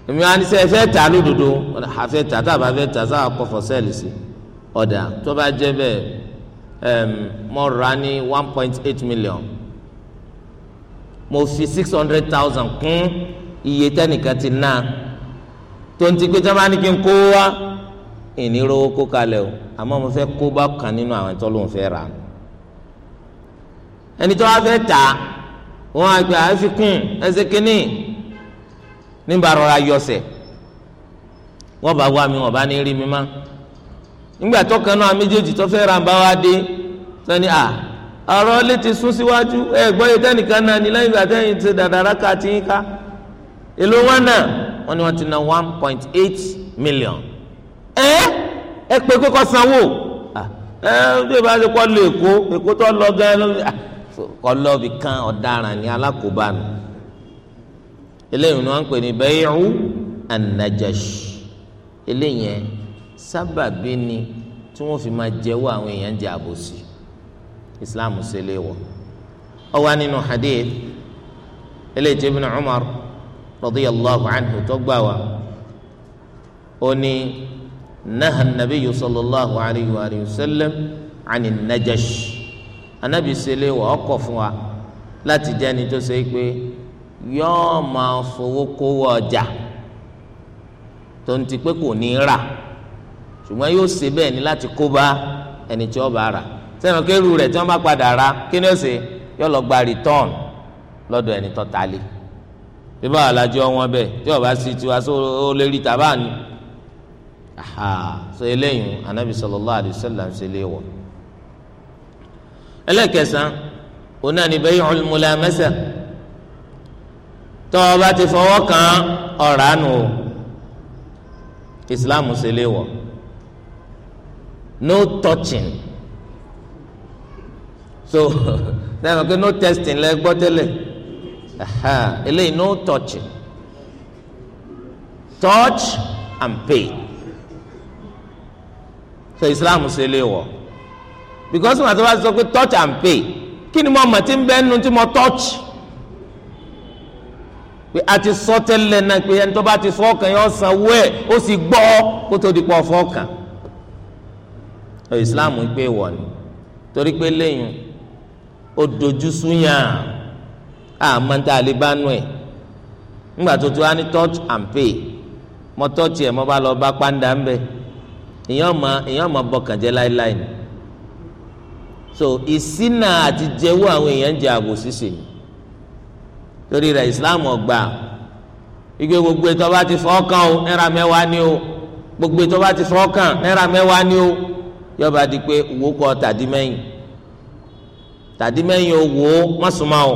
èmi wá ní sẹ́ ẹ fẹ́ tà lódodo àfẹ́ tà tá a bá fẹ́ tà sáà kọ́ fọ́ sẹ́ẹ̀lì sí ọ̀dà tó bá jẹ́ bẹ́ẹ̀ um, mo rà ní one point eight million mo fi six hundred thousand kún iye tẹ́nìkan ti ná tó ń ti pé jẹ́ bá ní kí n kó wá ìníròwó kó kalẹ̀ o àmọ́ mo fẹ́ kó bá kan nínú àwọn tó lóun fẹ́ rà ẹni tó wá fẹ́ tà wọn àgbà àfikún ẹsẹ kínní nígbà rọra yọsẹ wọn bá mi wọn bá ní rí mi má nígbà tọkàn náà méjèèjì tó fẹ́ sani a ọ̀rọ̀ létí sún síwájú ẹ gbọ́ yìí tẹ́nìkan náà ní lẹ́yìn ìgbà tẹ́yìn ti dàdàrà ká ti ń ká èlò wọn wọn na one point eight million ẹ ẹ pé kókó sanwó ẹ bí o bá lu èkó èkó tó lọ kọlọ́ọ̀bì kan ọ̀daràn ní alákòbánu eléyìí ni wọ́n ń pè ní bẹ́ẹ̀rù anajash eléyìí sábàbí ni tí wọ́n fi máa jẹ́wọ́ àwọn èèyàn jẹ́ àbòsí islam ṣe lè wọ̀ ọ wá nínú hadith eléyìí tí ibn umar radiyallahu anhu tó gbà wá ó ní nahan nabiyyu sallallahu alayhi wa sallam ani najash anabi sele wọ ọkọ fún wa láti jẹ ẹni tó ṣe é pé yọọ máa fowó kówó ọjà tó ń ti pé kò ní rà ṣùgbọ́n yóò ṣe bẹ́ẹ̀ ni láti kó bá ẹni tí ó bá rà sẹ́wọ̀n kẹ́rù rẹ̀ tí wọ́n bá padà ra kí ni ó ṣe yóò lọ gba return lọ́dọ̀ ẹni tó ta lé bíbá alájọ wọn bẹ́ẹ̀ tí ó bá sì tiwa só ó lè rí tàbá ni aha so eléyìí anabi sallallahu alaihi ṣe lè wọ̀ ẹlẹ́kẹsàn òun náà ní bay'ul mulamasa tó o bá ti fọwọ́ kan ọ̀ránù o Islam ṣe lé wọ̀ no touching so dáhùn pé no testing lẹ gbọ́ tẹ́lẹ̀ eléyìí no touching touch and pay so Islam ṣe lé wọ̀ because wọn àti wọn sọ pé touch and pay kí ni mo mọ̀ tí ń bẹ́ nu tí mo touch pé a ti sọ tẹ́lẹ̀ náà pé ẹni tó bá ti fọ́ ọkàn yẹn ọ̀sán wọ́ ẹ̀ ó sì gbọ́ kó tó di pọ̀ fọ́ ọkàn Islam pé wọ̀ ni torí pé lẹ́yìn ó dojú súnyàn àmọ́ tá a lè bá nu ẹ̀ ńgbà tó tó wá touch and pay mo touch ẹ̀ mo bá lọ bá pàǹdà ń bẹ ìyẹn ọmọ ìyẹn ọmọ bọkàn jẹ́ láéláé ni so ìṣínà àti jẹ́wọ́ àwọn èèyàn jẹ́ àbòsíṣe ni torí rẹ̀ Islam ọgbà igbe gbogbo ètò ọba ti fọ́ọ̀kan o náírà mẹ́wàá ni o gbogbo ètò ọba ti fọ́ọ̀kan náírà mẹ́wàá ni o yọba di pé owó kọ tàdí mẹ́yìn tàdí mẹ́yìn owó mọ́sùmá o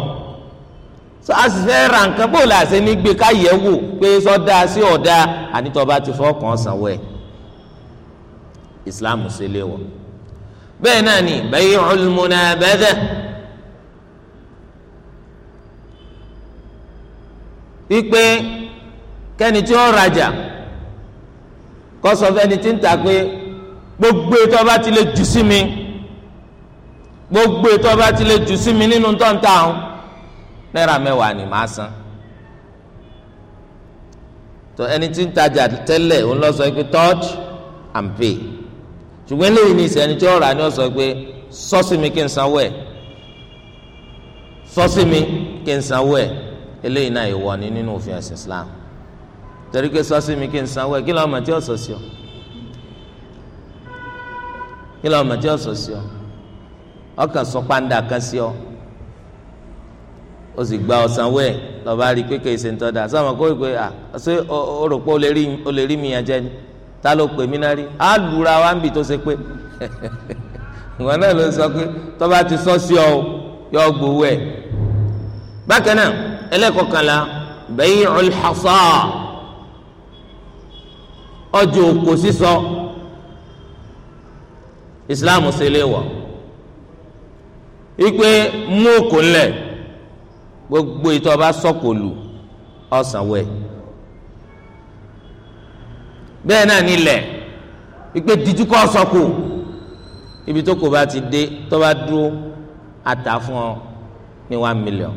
so a sì fẹ́ ra nǹkan bó la ṣe ní gbé ká yẹ̀ wò pé sọ́dá sí ọ̀dá ànítọ́ ọba ti fọ́ọ̀kan sanwó ẹ̀ Islam ṣe léwọ̀ bẹ́ẹ̀ náà ni bay'ul munabadha wípé kẹ́ni tí ó rajà kó sọ fẹ́ni tí ń ta pé gbogbo ètò ọba ti lè jù sí mi gbogbo ètò ọba ti lè jù sí mi nínú tọ́ǹtà ọ̀hún náírà mẹ́wàá ni màá san tó ẹni tí ń tajà tẹ́lẹ̀ òun lọ sọ pé touch and pay ṣùgbọ́n eléyìí ní ìsẹ́ni tí ó rà ni ó sọ pé sọ́sí mi kí n sanwó ẹ̀ sọ́sí mi kí n sanwó ẹ̀ eléyìí náà ìwọ ni nínú òfin ẹ̀sìn Islam torí pé sọ́sí mi kí n sanwó ẹ̀ kí lọ́ọ́ mọ̀ tí ó sọ sí ọ kí lọ́ọ́ tí ó sọ sí ọ ọkàn sọ pàǹdà kan sí ọ ó sì gba ọ̀sánwó ẹ̀ lọ́ọ́ rí i pé kèé ṣe ń tọ́ da sọ́ọ́ mọ̀ kó o rò pé o lè rí mi yẹn ni. ta ló pè mí á lura wa ń bì tó ṣe pé wọn náà ló sọ pé ti sọ sí ọ yọ gbowó bákan náà ọjọ́ òkò sísọ ìsìláàmù gbogbo ìtọ́ sọ̀kò lù bẹ́ẹ̀ náà nílẹ̀ ìpè díjú kọ́ sọ́kù ibi tó kò bá ti dé tó bá dúró ata fún ọ ní one million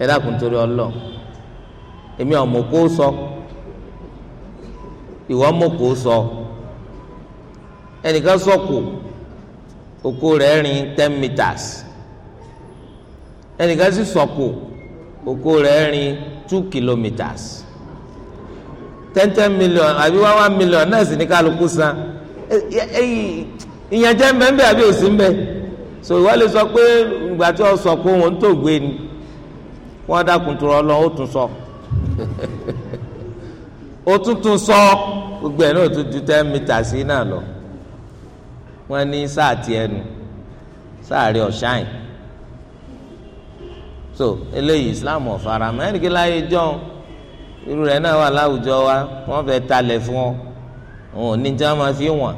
ẹ dákun torí ọlọ èmi ọmọ kò sọ ìwọ ọmọ kò sọ ẹnìkan sọkù òkú rẹ̀ rìn ten meters ẹnìkan sì sọkù òkú rẹ̀ rìn two kilometres ten ten million àbí one one million náà sì ní kálukú san ìyẹn jẹ́ mbẹ́mbẹ́ àbí òsì mbẹ́ so ìwọ lè sọ pé ìgbà tí wọ́n sọ pé wọ́n tó gbé ni wọ́n dákun tó rọ lọ ó tún sọ ó tún tún sọ gbogbo ẹ̀ náà tún ju ten meters sí náà lọ wọ́n ní sáà tiẹ̀ nu sáà rí ọ̀ṣáìn so eléyìí Islam ọ̀faramẹ́ ẹnìkí láyé jọ́n irú rẹ̀ náà wà láwùjọ wa wọ́n fẹ́ẹ́ talẹ̀ fún ọ òun ní tí wọ́n máa fi wọn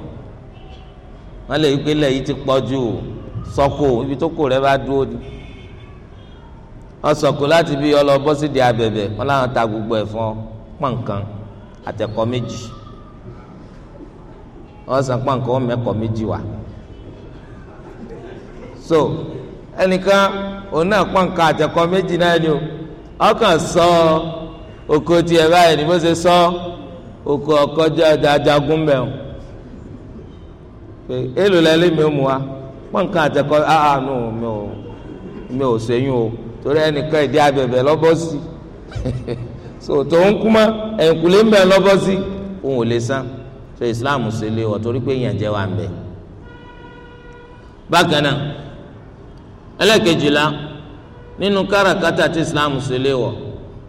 wọ́n lè gbé lẹ yìí ti pọ̀ jù sọkò ibi tó kò rẹ̀ bá dúró ni wọ́n sọkò láti bí ọlọ bọ sí di abẹ̀bẹ̀ ta gbogbo ẹ̀ fún ọ pọnkan àtẹkọ méjì wọ́n san pọnkan wọ́n mẹkọ méjì wá so ẹnìkan òun náà pọnkan àtẹkọ méjì náà ni ọkàn sọ ọ. oko tiẹ̀ báyìí ni bó ṣe sọ oko ọkọjá ajagun bẹ̀ ọ́ pé èlò lẹ́lẹ́ mi ò mú wa wọ́n nǹkan àtẹ̀kọ́ àánú ah, ah, mi ò mi ò o torí ẹnìkan ìdí so tó ń kú ń sí òun ò lè san so Islam ṣe lé torí pé wà ń bákan náà ẹlẹ́kejìlá nínú Islam ṣe lé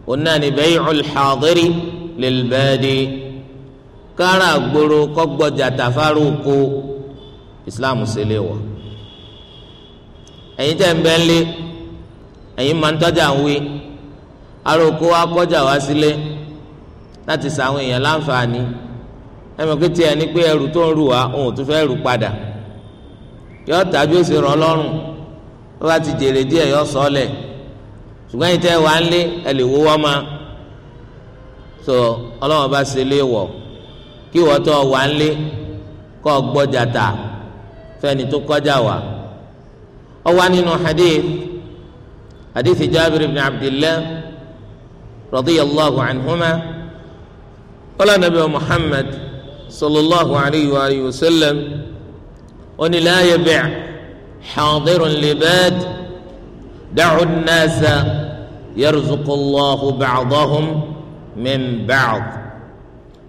onáni bay'ul hadiri lil badi kára àgbòrò kọ́gbọ́jà tàfárò oko islam ṣe lè wọ̀ ẹ̀yin tẹ̀ ń bẹ́ ń lé ẹ̀yin máa ń tọ́jà ń wí aróko wa kọjá wá sílé láti sàwọn èèyàn láǹfààní ẹ mọ̀ pé pé ẹrù tó ń rù wá òun tún fẹ́ rù padà yọ tàbí ó sì rán lọ́rùn ó bá ti jèrè díẹ̀ yọ sọ́ọ́lẹ̀. So ṣùgbọ́n yìí tẹ́ wà ń lé ẹ lè wo wọ́n ma so ọlọ́wọ́n bá ṣe lé wọ̀ kí wọ́n tọ́ wà ń lé kọ́ gbọ́jà tà fẹ́ni tó kọjá wa ó wà nínú hadith hadith Jabir ibn Abdillah radiyallahu anhuma qala nabi Muhammad sallallahu alayhi wa alihi wa sallam ó ní la yabi' libad da'u an yarzuqullahu ba'dahum min ba'd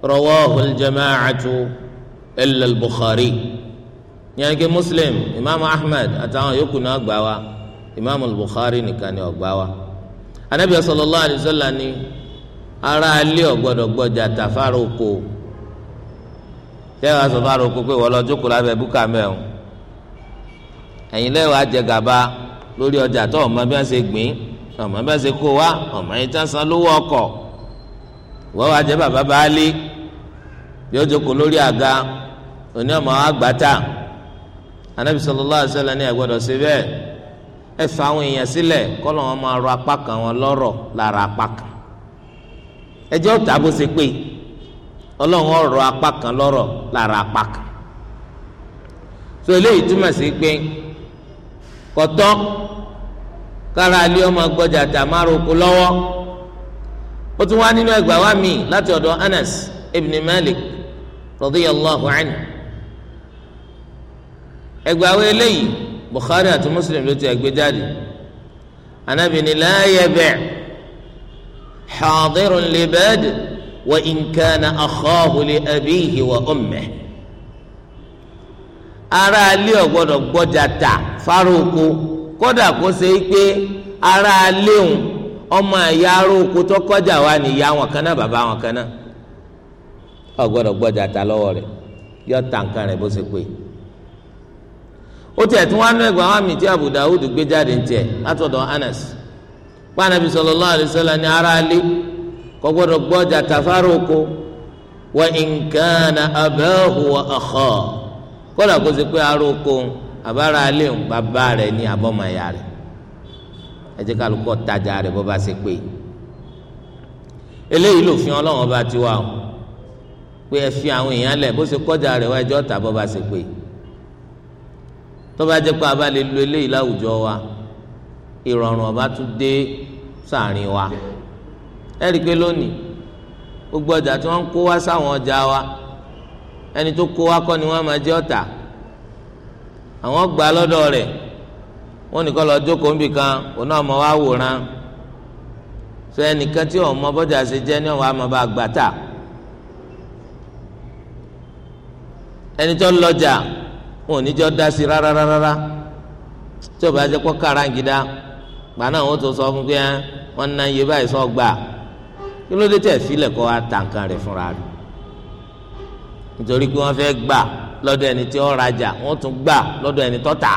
rawahu aljama'atu illa albukhari yẹn kí muslim imaamu ahmed àtàwọn yòókù náà gbà wá imaamu albukhari nìkan ni ọgbà wá anabi sallallahu alayhi wa sallam ni ara alẹ́ ọ̀gbọ́dọ̀ gbọ́jà tàfàrà oko tẹ́wàá sọ fàrà oko pé wọ́n lọ jókòó lábẹ́ búkà mẹ́rin ẹ̀yin lẹ́wàá jẹ gàba lórí ọjà tó ọmọ bí wọ́n ṣe gbìn ín ọmọ bá ṣe kó wa ọmọ yìí tán san lówó ọkọ̀ wọ́n wá jẹ́ bàbá baálé yóò jókòó lórí àga òní ọmọ àgbàtà anabi sallallahu alaihi ní ẹgbọ́dọ̀ ṣe bẹ́ẹ̀ ẹ fa àwọn èèyàn sílẹ̀ kọlọ wọn máa rọ apá kan wọn lára pé ọrọ apá kan lára apá kan so pé kára alẹ ọmọ gbọjà tàmárùkù lọ́wọ́ ó tún wá nínú ẹgbàá wa mi láti ọ̀dọ̀ Anas ibn Malik radiyallahu anhu ẹgbàá wa eléyìí Bukhari àti Muslim ló ti ẹgbẹ jáde Ànábì ní la yabi' hadirun li badi wa in kana akhahu wa ummihi ara alẹ ò gbọdọ̀ gbọjà tà kódà kó ṣe ara ọmọ ẹ̀yà arụ ụkọ tó kọjá wa nwakana wọn nwakana. bàbá wọn ọ ta lọ́wọ́ ta nǹkan bó pé ó tiẹ̀ tí wọ́n Abu Dawud gbé jáde tiẹ̀ látọ̀dọ̀ Anas Kpanabi sọlọlọ alaihi wasallam ara lé kódà kó àbára alẹ́ òun bàbá rẹ̀ ní abọ́mọ̀ya rẹ̀ ẹ jẹ́ kálukú ọ̀tajà rẹ̀ bó bá ṣe pé eléyìí lòfin ọlọ́run ọba tiwa o pé ẹ fi àwọn èèyàn lẹ̀ bó ṣe kọjá rẹ̀ wá ẹjọ́ tà bó bá ṣe pé tó jẹ́ pé a bá lè lo eléyìí láwùjọ wa ìrọ̀rùn ọba tún dé sàárín wa ẹ rí i pé lónìí gbogbo ọjà tí wọ́n ń kó wá sáwọn ọjà wa ẹni tó kó wá kọ́ ni wọ́n máa jẹ́ ọ̀tà àwọn gbà lọ́dọ̀ rẹ̀ wọ́n nìkan lọ jókòó níbi kan òun náà mọ̀ wá wòran sọ ẹnìkan tí òun mọ bọ́jà ṣe jẹ́ ní ọ̀wá mọ̀ bá gbà tà ẹni tó lọ́jà wọn ò ní jọ dá sí rárá rárá tí ò bá jẹ́ kó kàràǹgídá gbà náà wọ́n tó sọ fún pé wọ́n ná iye báyìí sọ gbà kí ló dé tẹ̀ sílẹ̀ kó wa tà rẹ̀ fúnra rẹ̀ nítorí pé wọ́n fẹ́ gbà lọ́dọ̀ ẹni tí ó rajà wọ́n tún gbà lọ́dọ̀ ẹni tó tà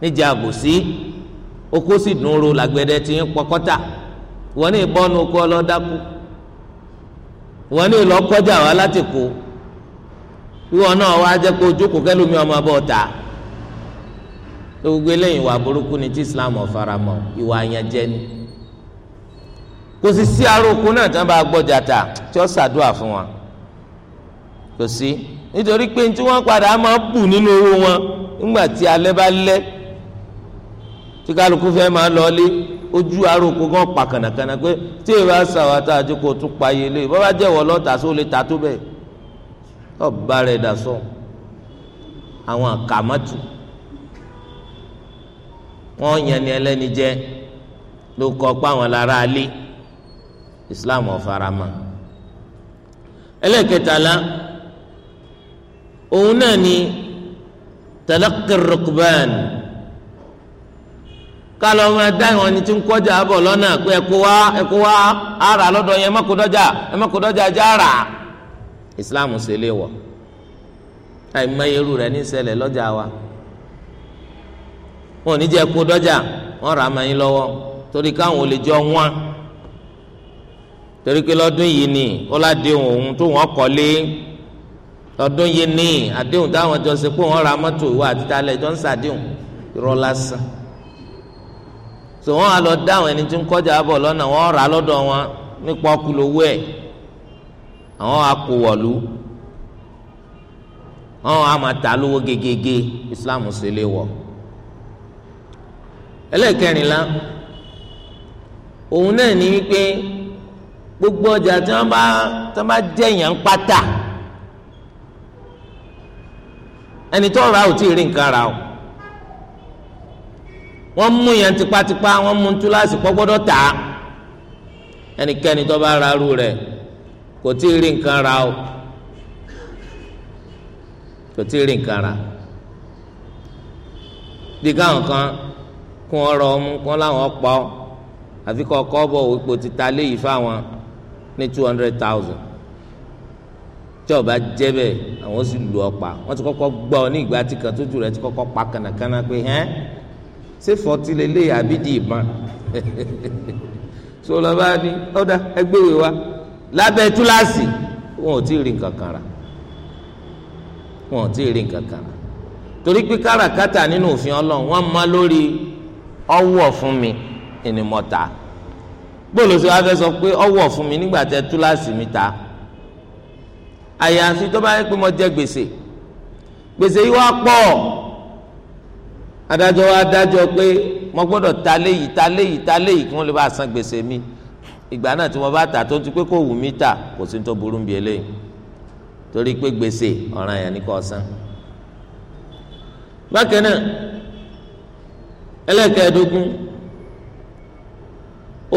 níjà àbòsí oko sì dùn ro làgbẹ̀dẹ tí ń pọkọ́tà wọ́n ní ìbọnú oko ọlọ́dákú wọ́n ní ìlọ́kọjà wá láti kó wíwọ́n náà wá jẹ́ pé ojókòó kẹ́lómi ọmọ bọ́ ta gbogbo eléyìí ìwà burúkú ni tí Islam ọ̀faramọ́ ìwà àyànjẹ ni kò sì sí aróko náà tí wọ́n bá gbọ́jà ta tí wọ́n ṣàdúrà fún wọn. kò nítorí pé tí padà máa bù nínú owó wọn nígbà tí alẹ́ bá lẹ́ tí kálukú fẹ́ máa lọ lé ojú aróko gan pa kànàkànà pé tí tá a jẹ kó o tún pa bá jẹ́wọ́ só lè pa àwọn lára alé Islam ọ̀farama òun náà ni talaqi rukban kálọ̀ ọmọ ẹ̀dá ìwọ̀n ni tí ń kọjá bọ̀ lọ́nà pé ẹ kó wá ẹ kó wá ara lọ́dọ̀ yẹn ẹ má kó dọ́jà ẹ má kó dọ́jà já rà Islam ṣe lé wọ̀ àìmọyeru rẹ̀ ní ṣẹlẹ̀ lọ́jà wa wọn ò ní jẹ́ kó dọ́jà wọn rà máa yín torí káwọn ò lè jọ wọn torí pé lọ́dún yìí ni ó ládé òun tó wọn kọ́ lé lọ́dún yìí ní àdéhùn táwọn jọ ṣe pé wọ́n ra mọ́tò ìwọ àti talẹ̀ jọ ń ṣàdéhùn irọ́ lásán tò wọ́n á lọ dá àwọn ẹni tí ń kọjá bọ̀ lọ́nà wọ́n rà lọ́dọ̀ wọn nípa ọkùnrin owó ẹ̀ àwọn akọ̀wọ̀lú wọn á máa ta lówó gegege Islam sì lè wọ̀ ẹlẹ́kẹrìnlá òun náà ní wípé gbogbo ọjà tí wọ́n bá tí wọ́n bá jẹ̀yàn pátá ẹni tó ra ò tí ì rí nǹkan ra o wọ́n mú yẹn tipátipá wọ́n mú túláàsì pọ́ gbọ́dọ̀ tà á ẹnikẹ́ni tó bá ra irú rẹ̀ kò tí ì rí nǹkan ra o kò tí ì rí nǹkan ra bí káwọn kan kún ọ̀rọ̀ ọmú kún láwọn pọ̀ àfi kọ́ ọkọ́ ti ta léyìí fáwọn ní two hundred thousand tí ọba jẹ́ bẹ́ẹ̀ àwọn sì lù ti kọkọ gba ní ìgbà tí kan tójú ti kọkọ pa kànàkànà pé hẹ́n ṣé fọtí lélẹ̀ àbídì ìbọn sọlọ́ba ni ọ̀dà ẹgbẹ́ ìwé wa lábẹ́ túláàsì wọn ò tí ì rí nǹkan kan rà wọn ò tí ì rí nǹkan kan rà torí pé káràkátà nínú òfin ọlọ́run wọ́n mọ lórí ọwọ́ fún mi ìnìmọ̀ta gbọ́dọ̀ sọ wá sọ pé fún mi nígbà tẹ túláàsì mi ta. àyàfi tó bá yẹ pé mo jẹ gbèsè gbèsè yìí wá pọ̀ adájọ́ wa dájọ́ pé mo gbọ́dọ̀ ta léyìí ta léyìí ta léyìí kí wọ́n lè bá san gbèsè mi ìgbà náà tí mo bá tà tó ti pé kò wù mí tà kò sí tó burú bí eléyìí torí pé gbèsè ọ̀ràn yẹn ni kò san. bákan náà ẹlẹ́kẹ̀ẹ́dógún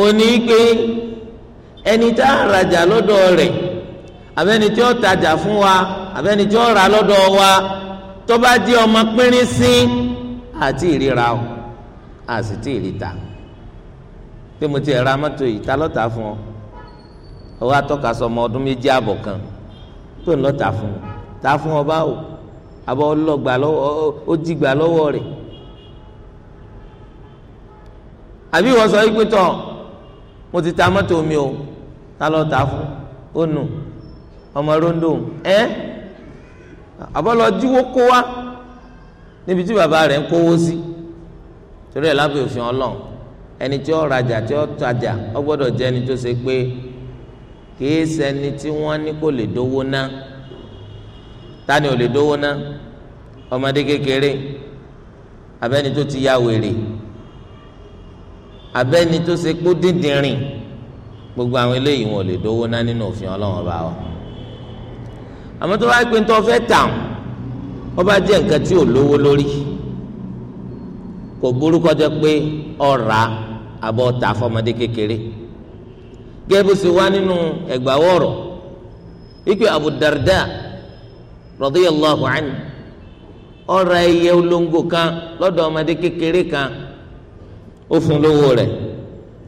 òní pé ẹni tá a rajà lọ́dọ̀ rẹ̀ abẹ́ni tí ó tajà fún wa abẹ́ni tí ó rà lọ́dọ̀ wa tó bá jẹ́ ọmọ pínrín sí àti ìríra o àti tí ìríta pé mo ti ra mọ́tò yìí ta lọ́ta fún ọ ọwọ́ atọ́ka sọ ọmọ ọdún méjì àbọ̀ kan tó ń lọ́ta fún ọ ta fún ọ báwo àbọ̀ ọlọ́gbà lọ́wọ́ ó jìgbà lọ́wọ́ rẹ̀ àbí wọ́n sọ yìí pé tọ̀ mo ti ta mọ́tò mi o ta lọ́ta fún ó nù. No ọmọ rondo ẹ àbọ̀lọ́ jíwó kó wá níbi tí bàbá rẹ̀ ń kówó sí torí ẹ̀ lábẹ́ òfin ọlọ́run ẹni tí ó rajà tí ó tajà ó gbọ́dọ̀ jẹ́ ẹni tó ṣe pé kìí ṣẹni tí wọ́n ní kò lè dówó ná tani ò lè dówó ná ọmọdé kékeré abẹ́ni tó ti ya wèrè abẹ́ni tó ṣe kó dídìrín gbogbo àwọn eléyìí wọn ò lè dówó ná nínú òfin ọlọ́run ọba wa àmọ́ tó bá gbé ń tọ́ fẹ́ tàn wọ́n bá jẹ́ nǹkan tí ò lówó lórí kò burú kó jẹ́ pé ọ̀rà àbọ̀ tà fọmọdé kékeré gẹ́gẹ́ bó ṣe wá nínú ẹ̀gbáwọ̀rọ̀ ikú Abu Darda radiyallahu anhu ọ̀rà ẹyẹ olóńgò kan lọ́dọ̀ ọmọdé kékeré kan ó fún lówó rẹ̀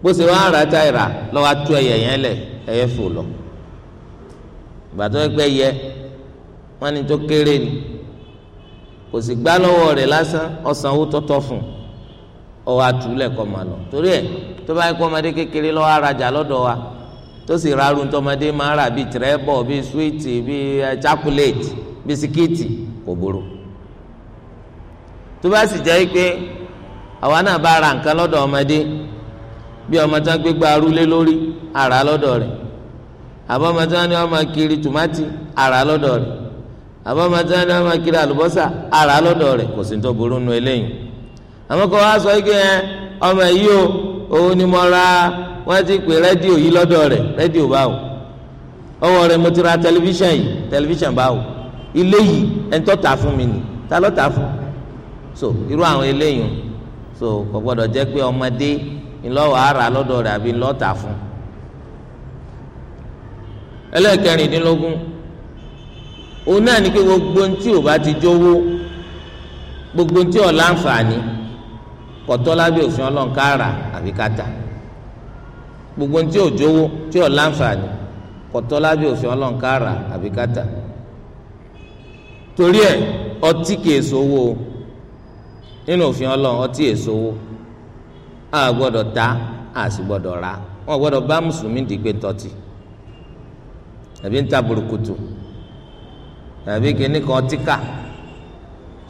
bó ṣe wá ara tá lọ́wọ́ atú ẹyẹ yẹn lẹ̀ ẹyẹ fò lọ ìgbà tó ẹgbẹ́ yẹ wọn ni tó kéré ni kò sì gbá lọ́wọ́ rẹ̀ lásán ọ̀sánwó tọ́tọ́ fún ọwọ́ àtúlẹ̀ kọ́ máa lọ torí ẹ̀ tó bá yẹ kó ọmọdé kékeré lọ́wọ́ arajà lọ́dọ̀ wa tó sì ra arun tọmọdé máa rà bíi tìrẹ́bọ̀ bíi súwìtì bíi chakuléètì bisikíìtì kò burú tó bá sì jẹ́ pé àwa náà bá ra nǹkan lọ́dọ̀ ọmọdé bí ọmọ wọn gbé arúlé lórí àrà lọ́dọ̀ rẹ̀ àbọ̀ ọmọ tí wọn ní kiri tòmátì àrà lọ́dọ̀ rẹ̀ àmọ́ máa tẹ́ ẹ́ máa kiri àlùbọ́sà ara lọ́dọ̀ rẹ̀ kò sí tó burú nu eléyìí àmọ́ kó wá sọ ike yẹn ọmọ yìí o òun ni mo ra wọ́n ti pè rédíò yìí lọ́dọ̀ rẹ̀ rédíò báwo ọwọ́ rẹ̀ mo ti ra tẹlifíṣàn yìí tẹlifíṣàn báwo ilé yìí ẹni tó tà fún mi nì ta ló tà fún so irú àwọn eléyìí so kò gbọdọ̀ jẹ́ pé ọmọdé ńlọ́wọ́ ara lọ́dọ̀ rẹ̀ àbí ńlọ́ta fún ẹlẹ́ẹ̀kẹrìndínlógún òun náà ni pé gbogbo ntí ò bá ti jówó gbogbo ntí ò láǹfààní kọ̀tọ́ lábẹ́ òfin Ọlọ́run ká rà àbí ká tà gbogbo ntí ò jówó tí ò láǹfààní kọ̀tọ́ lábẹ́ òfin Ọlọ́run àbí ká torí ẹ̀ ọtí kì í nínú òfin Ọlọ́run ọtí kì í a gbọ́dọ̀ ta a sì gbọ́dọ̀ rà wọn gbọ́dọ̀ bá mùsùlùmí dìgbé tọ́tì àbí ń ta burúkutu tàbí kìnnì kan tíkà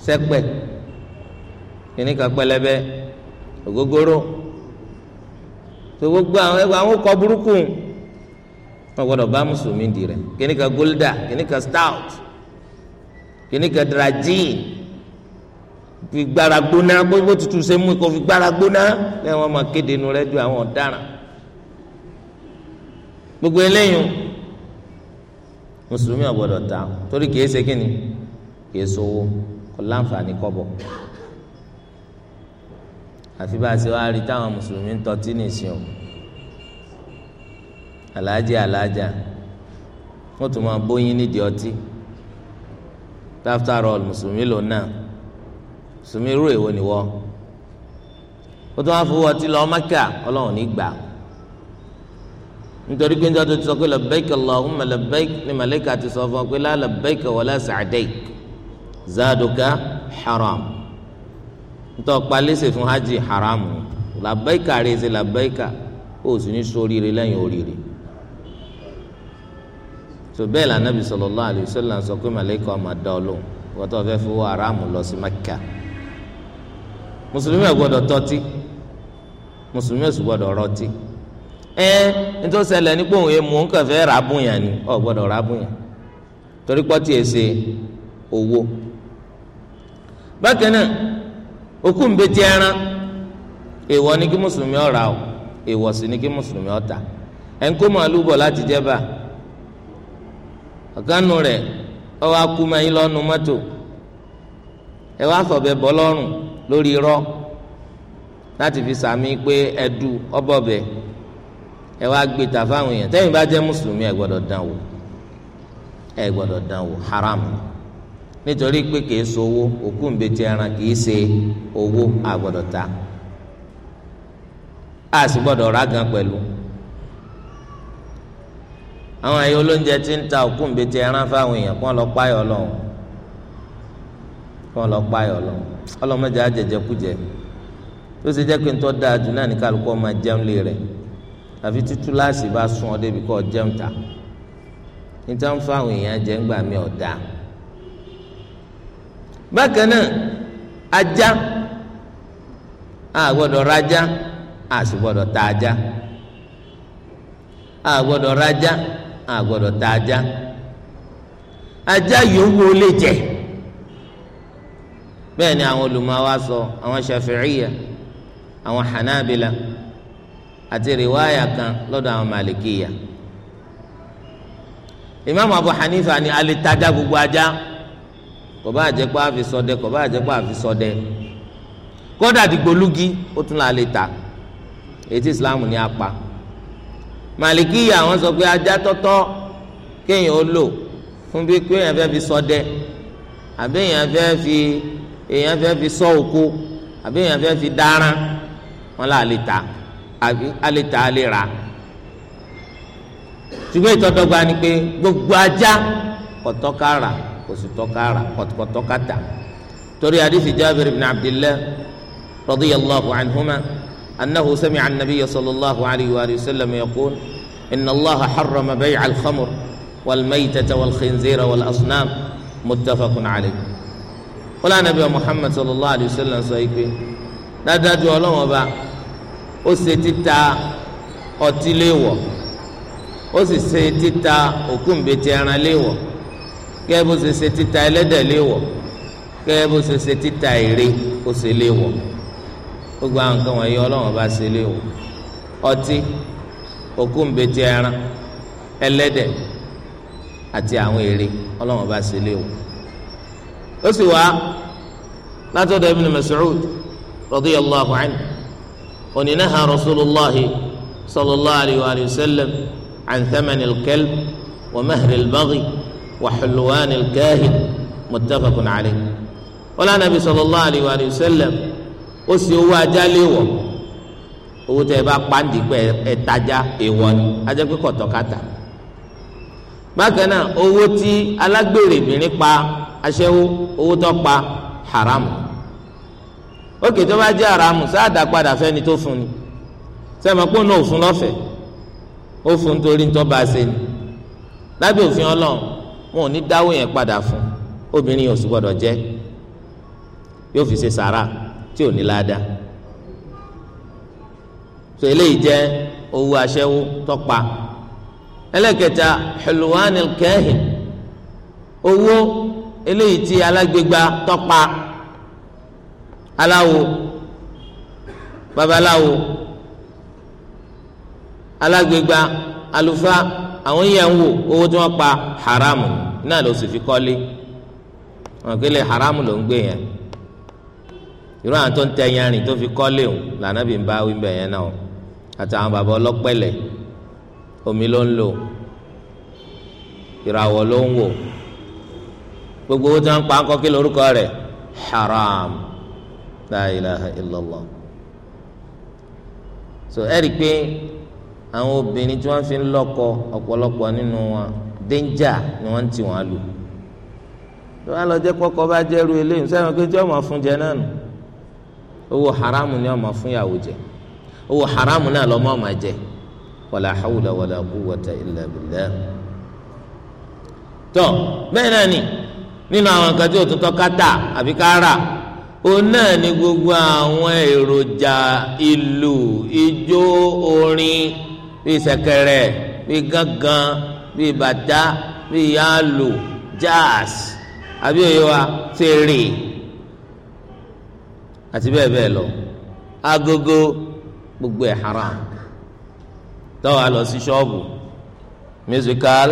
sẹ́pẹ̀ kìnnì kan pẹlẹbẹ ògógóró tó gbogbo àwọn ẹgbẹ́ àwọn kọ burúkú wọn gbọ́dọ̀ bá mùsùlùmí di rẹ̀ kìnnì kan gólídà kìnnì kan stout kìnnì kan dragine fi gbára gbóná bó tutù ṣe mú ikọ̀ fi gbára gbóná lẹ́yìn wọn máa kéde nu rẹ́díò àwọn ọ̀daràn gbogbo eléyìí mùsùlùmí ọ̀gbọ́dọ̀ ta torí kìí ṣe kíni kìí sowó kò láǹfààní kọ́bọ̀ àfi bá a ṣe wáá rí táwọn mùsùlùmí ń tọ́tí nìsín o aláàjì aláàjà wọ́n tún máa bóyin nídìí ọtí after all mùsùlùmí lò náà mùsùlùmí rú èwo nìwọ ó tún wáá fowó ọtí lọ Mẹ́kà ọlọ́run ní gbà á nítorí pé nítorí tó sọ pé labbaik allahumma labbaik ni màlẹ́kà ti sọ fún ọ pé la labbaik wala sa'daik zaaduka haram nítorí palẹ́sẹ̀ fún hajj haram labbaika rẹ̀ ṣe labbaika ó sì ní sóríire lẹ́yìn oríire so bẹ́ẹ̀ la nabi sallallahu alayhi wa sallam sọ pé màlẹ́kà ọmọ adá wọ́tọ́ fẹ́ fún haram lọ sí Mẹ́kà mùsùlùmí ò gbọ́dọ̀ tọ́tí mùsùlùmí ò ẹ nítorí ṣẹlẹ̀ nípò òun èèmù òun kàn fẹ́ ràbùyàn ni ọ̀ gbọ́dọ̀ ràbùyàn torí pọ́tì owó. bákan náà òkú ń betí ẹran èèwọ̀ ni kí mùsùlùmí rà o èèwọ̀ ni kí mùsùlùmí tà ẹ̀ ń kó láti jẹ́ bá ọ̀gánu rẹ̀ ọ wá kú yín lọ́nu mọ́tò ẹ fi pé ẹ̀dù ẹ wá gbé ta fáwọn èèyàn tẹ́yìn bá jẹ́ mùsùlùmí ẹ gbọ́dọ̀ dán wò ẹ gbọ́dọ̀ dán wò haram nítorí pé kìí sowó òkú ń betí ẹran kìí owó àgbọ́dọ̀ ta a sì gbọ́dọ̀ rà gan pẹ̀lú àwọn ẹyọ olóúnjẹ ti ń ta òkú ń betí ẹran fáwọn èèyàn lọ lọ jẹ́ pé ń tọ́ da ní àfi títú láàsì bá sún ọ débi kọ́ jẹun ta níta ń fa àwọn èèyàn jẹ ńgbà mi ọ̀dà bákan náà ajá a gbọ́dọ̀ rajá a sì gbọ́dọ̀ ta ajá a gbọ́dọ̀ rajá a gbọ́dọ̀ ta ajá ajá yòówó lè jẹ bẹ́ẹ̀ ni àwọn olùmọ̀ wa sọ àwọn Shafi'iyya àwọn Hanabila àti rìwáyà kan lọ́dọ̀ àwọn màlìkìyà ìmáàmù Abu Hanifa ni alitaja gbogbo ajá kò bá jẹ́ pé àfi ṣọdẹ kò bá jẹ́ pé àfi ṣọdẹ kódà dìgbòlugi ó tún là lè ta ètí ìsìláàmù ni a pa màlìkìyà wọ́n sọ pé ajá tọ́tọ́ kéèyàn ó lò fún bí pé fẹ́ fi ṣọdẹ àbí èèyàn fẹ́ fi èèyàn fẹ́ fi ṣọ́ oko àbí èèyàn fẹ́ fi dáná wọ́n là lè àbí alẹ́ tà alẹ́ rà ṣùgbọ́n ìtọ́dọ́gba ni pé gbogbo ajá kọ̀tọ́ka rà kò sì tọ́ka rà kọ̀tọ́ka tà torí àdìsí Jábìrì ibn Abdillah radiyallahu anhuma annahu sami'a an-nabiyya sallallahu alayhi wa sallam yaqul inna Allaha harrama bay'a al-khamr wal-maytata wal-khinzira wal-asnam muttafaqun alayhi wala nabiyyu Muhammad sallallahu alayhi wa sallam sọ yìí dáadáa ju ọlọ́wọ́n bá. ó ṣe títa ọtí léèwọ̀ ó sì se títa òkúńbẹ̀tì ẹran léèwọ̀ gẹ́gẹ́ bó se ṣe títa ẹlẹ́dẹ̀ léèwọ̀ gẹ́gẹ́ bó ṣe ṣe títa ère ó ṣe léèwọ̀ gbogbo àwọn nǹkan wọ̀nyí ọlọ́run bá ṣe léèwọ̀ ọtí òkúńbẹ̀tì ẹran ẹlẹ́dẹ̀ àti àwọn ère ọlọ́run bá ṣe léèwọ̀ ó sì wá látọ̀dọ̀ Ibn Mas'ud radiyallahu anhu. oni naha rasulillahi sallallahu alayhi wa sallam an thamani alkalb wa mahri albaghi wa xulwaani alkaahin muttafaqun alayh wala nabi sallallahu alayhi wa sallam ó sì owó ajá léwọ̀ owó tẹ ẹ bá pàǹdì pé ẹ tajà èèwọ̀ ni ajá pé kọtọ kàtà bákan náà owó tí alágbèrè bìnrin pa aṣẹ́wó owó tó pa haram òkè tó bá jẹ́ aramu sáàdà padà fẹ́ni tó fún ni sẹ́mi pé òun ò fún lọ́fẹ̀ẹ́ ó fún torí tó bá ṣe ni lábẹ́ òfin ọlọ́run wọn ò ní dáwó yẹn padà fún obìnrin yóò sì gbọ́dọ̀ jẹ́ yóò fi ṣe sàrà tí ò ní láàdá tó eléyìí jẹ́ owó aṣẹ́wó tọ́pa ẹlẹ́kẹta hulwanil owó eléyìí tí alágbègbà tọ́pa aláwo babaláwo alágbègbà alufa, àwọn yẹn owó tí wọ́n pa haramu náà ló sì fi kọ́lé wọn kele haramu ló ń gbé yẹn irú àwọn tó ń tẹ yanrìn tó fi kọ́lé o lànà bí n bá wí bẹ̀ yẹn náà àtàwọn bàbá ọlọ́pẹ̀lẹ̀ omi ló ń lò ìràwọ̀ ló ń wò gbogbo owó tí wọ́n pa ń kọ́ kí lórúkọ rẹ̀ haram. la ilaha illallah so ẹ pé àwọn obìnrin tí wọ́n fi ń lọ́kọ ọ̀pọ̀lọpọ̀ nínú wọn dénjà ni wọ́n ti wọ́n lò tó wọ́n lọ jẹ́ kọ́kọ́ bá jẹ́rú eléyìí sẹ́wọ̀n pé tí ọmọ fún jẹ náà nù owó haramu ni ọmọ fún yàwó jẹ owó haramu náà lọ́mọ ọmọ jẹ wàlà hawla wàlà quwwata illa billah tó bẹ́ẹ̀ náà ni nínú àwọn nǹkan tí òun ni gbogbo àwọn èròjà ìlú ijó orin bíi ṣẹ̀kẹ̀rẹ̀ bíi gángan bíi bàtà bíi yálò jazz àbí òye wa fèrè àti bẹ́ẹ̀ bẹ́ẹ̀ lọ agogo gbogbo ẹ̀ haram tọ́wọ́ lọ sí ṣọ́ọ̀bù musical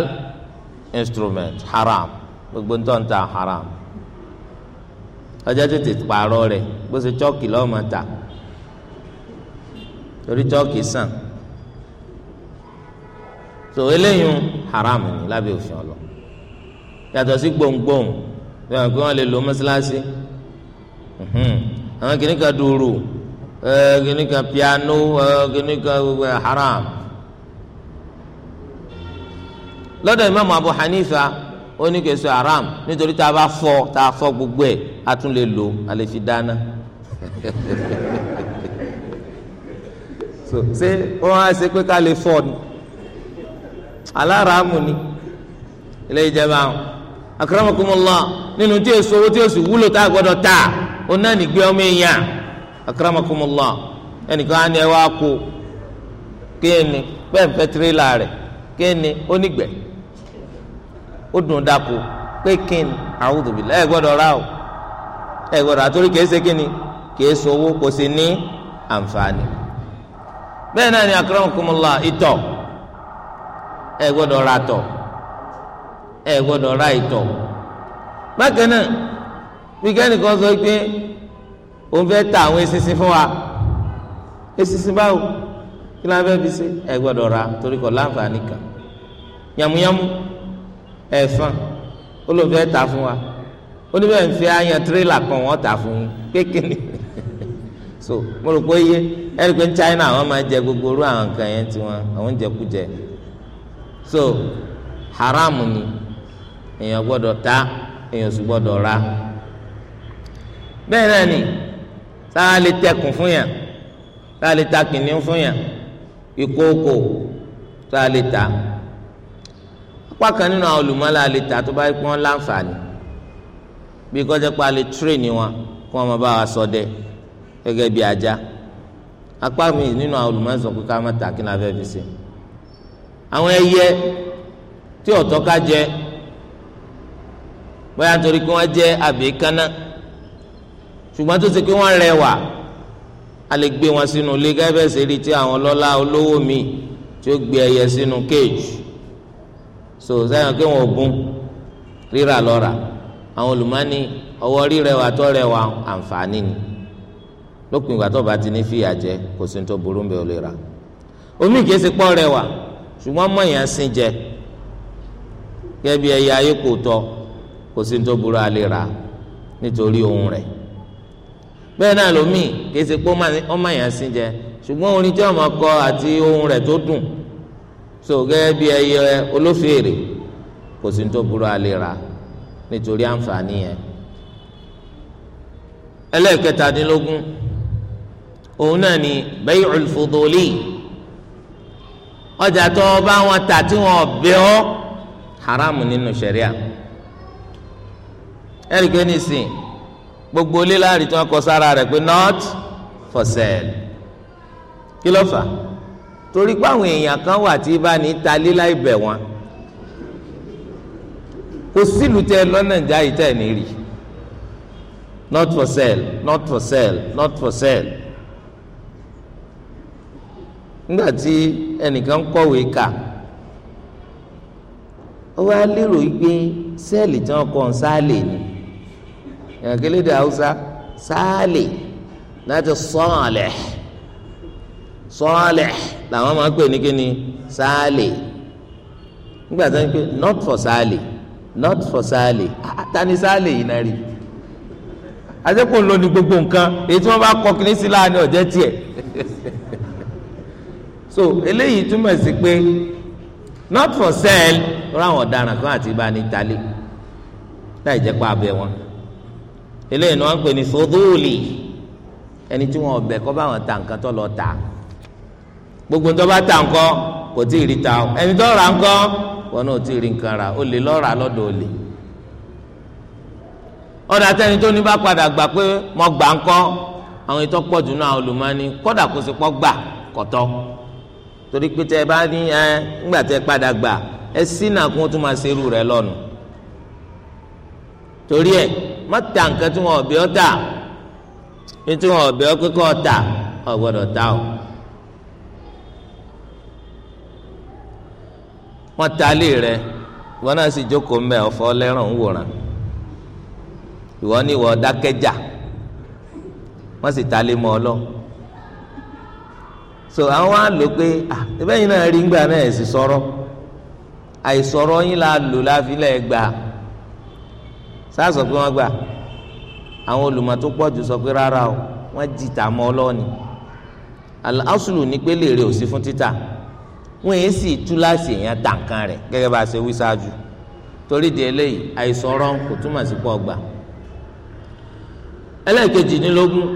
instrument haram gbogbo ń tọ́ ń ta haram ọjọ́ tètè pààrọ̀ rẹ̀ bó ṣe chọ́ọ̀kì lọ́ọ̀mọ ta torí chọ́ọ̀kì sàn so eléyìí haram ni lábẹ́ òfin ọlọ yàtọ̀ sí gbòǹgbòǹ bí wọn kí wọn lè lo mọ́ṣáláṣí àwọn kìnnì kan dùrù kìnnì kan piano kìnnì kan haram lọ́dọ̀ Imam Abu Hanifa ó ní kèso haram nítorí tá a bá fọ tá a fọ gbogbo ẹ a tún lè lò a lè fi dáná so ṣé wọn á ṣe pé ká lè fọ ni aláraàmù ni ilé ìjẹba àwọn akaramakumọlá nínú tí èso owó tí èso wúlò tá a gbọ́dọ̀ ta ó náà nígbẹ ọmọ èèyàn akaramakumọlá ẹnìkan á ní ẹ wá kó kéènì bẹ́ẹ̀ fẹ́ tirẹ́là rẹ̀ kéènì onígbẹ̀ẹ́ ó dùn dako pé kín a'udhu ẹ gbọdọ rà o ẹ gbọdọ àtúrí kìí ṣe kíni kìí kò sí ní àǹfààní bẹ́ẹ̀ náà ni akramakumullah ìtọ̀ ẹ gbọ́dọ̀ ra tọ̀ ẹ gbọ́dọ̀ ra ìtọ̀ bákan náà wíkẹ́ndì kan sọ pé o fẹ́ ta àwọn fún wa báwo kí ló ń fẹ́ fi ṣe ẹ torí láǹfààní kan yàmúyàmú. ẹ̀sán olóòfẹ́ ta fún wa oníbẹ̀ fi ayan tirẹ́là kan wọ́n ta fún un kékeré so mo rò pé iye ẹni pé China àwọn máa jẹ gbogbo orú àwọn nǹkan yẹn tiwọn àwọn ń jẹ so haram ni èèyàn gbọdọ ta èèyàn sì gbọdọ ra bẹ́ẹ̀ ni sáà lè tẹkùn fún pákan nínú àwọn olùmọ́lá lè tà tó bá rí pé wọ́n láǹfààní bí kọ́jà pa lè tírèèni wọn kí wọ́n máa bá wa ṣọdẹ gẹ́gẹ́ bí ajá apá mi nínú àwọn olùmọ́lá sọ pé ká má tà kí n afẹ́ fi ṣe àwọn ẹyẹ tí ọ̀tọ́ ká jẹ bóyá nítorí pé wọ́n jẹ́ àbíkáná ṣùgbọ́n tó ṣe pé wọ́n rẹwà a lè gbé wọn sínú ilé gẹ́gẹ́ bẹ́ẹ̀ ṣe rí tí àwọn ọlọ́lá olówó mi tí ó gbé ẹyẹ sínú kéèjì so sẹ́yìn pé wọn ò bún rírà lọ́ra àwọn olùmọ́ni ọwọ́ rírẹwà tó rẹwà àǹfààní ni lópin ìgbà tó bá ti ní fìyà jẹ kò sí ní tó burú bẹ́ẹ̀ ò lè rà omi kìí ṣe pọ́ rẹwà ṣùgbọ́n mọ̀nyàn sìn jẹ gẹ́gẹ́ bí ẹyẹ ayé kò tọ́ kò sí tó burú a lè nítorí ohun rẹ̀ bẹ́ẹ̀ náà lómi kìí ṣe pọ́ ọmọ yẹn jẹ ṣùgbọ́n orin tí ọmọ kọ àti ohun rẹ̀ tó dùn so gẹ́gẹ́ bí ẹyẹ olófèèrè kò sí tó burú alẹ́ ra nítorí àǹfààní yẹn ẹlẹ́ẹ̀kẹtàdínlógún òun náà ni bay'ul fuduli ọjà tó o bá wọn tà tí wọn bẹ ọ haramu nínú ṣẹ̀ríà ẹ̀ríkẹ́ nìsín gbogbo ilé tí wọn kọ sára rẹ̀ pé not for sale kí ló fà á torí pé àwọn èèyàn kan wà tí bá ní ta lílá ibẹ̀ wọn kò sílùú tẹ lọ́nà ìjà ìtẹ̀ ní rí not for sale not for sale not for sale nígbà tí ẹnìkan kọ̀wé kà ó wá lérò gbé sẹ́ẹ̀lì tí wọ́n kọ́ ń sáàlè ni èèyàn kélédè haúsá sáàlè láti sọ́ọ̀lẹ̀ sọ́ọ̀lẹ̀. làwọn máa pè ní kíni sáàlì nígbà tó ń pè not for sáàlì not for sáàlì ah, ah, tani sáàlì yìí náà rí àtẹ́kùn ń lò ní gbogbo nǹkan èyí tí wọ́n bá kọ́ kíní sí láàánú ọ̀jẹ́ tiẹ̀ so eléyìí túmọ̀ sí pé not for sale ráwọn ọ̀daràn kan àti ibà ní talé láì jẹ́ pa abẹ wọn eléyìí ni wọ́n ń pè ní sodóòlì ẹni tí wọ́n ọbẹ̀ kọ́ bá wọn ta nǹkan tó lọ tà á. gbogbo ń tọ́ba nkọ ńkọ́ kò tí ì rí ta ẹni tó rà ńkọ́ wọn náà tí ì rí nǹkan olè lọ́dọ̀ olè ọ̀dà tẹ́ni tó ní bá padà gbà pé mo gbà ńkọ́ àwọn ètò pọ̀jù náà olùmọ́ni kọ́dà kó pọ́ gbà kọ̀tọ́ torí pé tẹ torí ẹ má ta nǹkan tí wọn ọ̀bẹ ta ní tí wọn ọ̀bẹ o. wọ́n talé rẹ̀ wọ́n náà sì jókòó mbẹ ọ̀fọ́ lẹ́ràn ń ìwọ ní ìwọ dákẹ́jà wọ́n sì talé mọ́ ọ lọ so àwọn á lò pé ah ẹbẹ́ yìí náà rí ngbà náà sì sọ̀rọ̀ àìsọ̀rọ̀ yín la lò láfilẹ̀ gbà sáàsọ pé wọ́n gbà àwọn olùmọ̀ tó pọ̀ jù sọ pé rárá o wọ́n jìtà mọ́ ọ lọ́ọ̀ni al aslu ní pé lè rè òsì fún títà. wọn yìí sì túláàsì èèyàn dànkan rẹ̀ gẹ́gẹ́ bá a ṣe wí ṣáájú torí di eléyìí àìsọ̀rọ̀ kò túmọ̀ sí pọ̀ gbà ẹlẹ́ẹ̀kejìdínlógún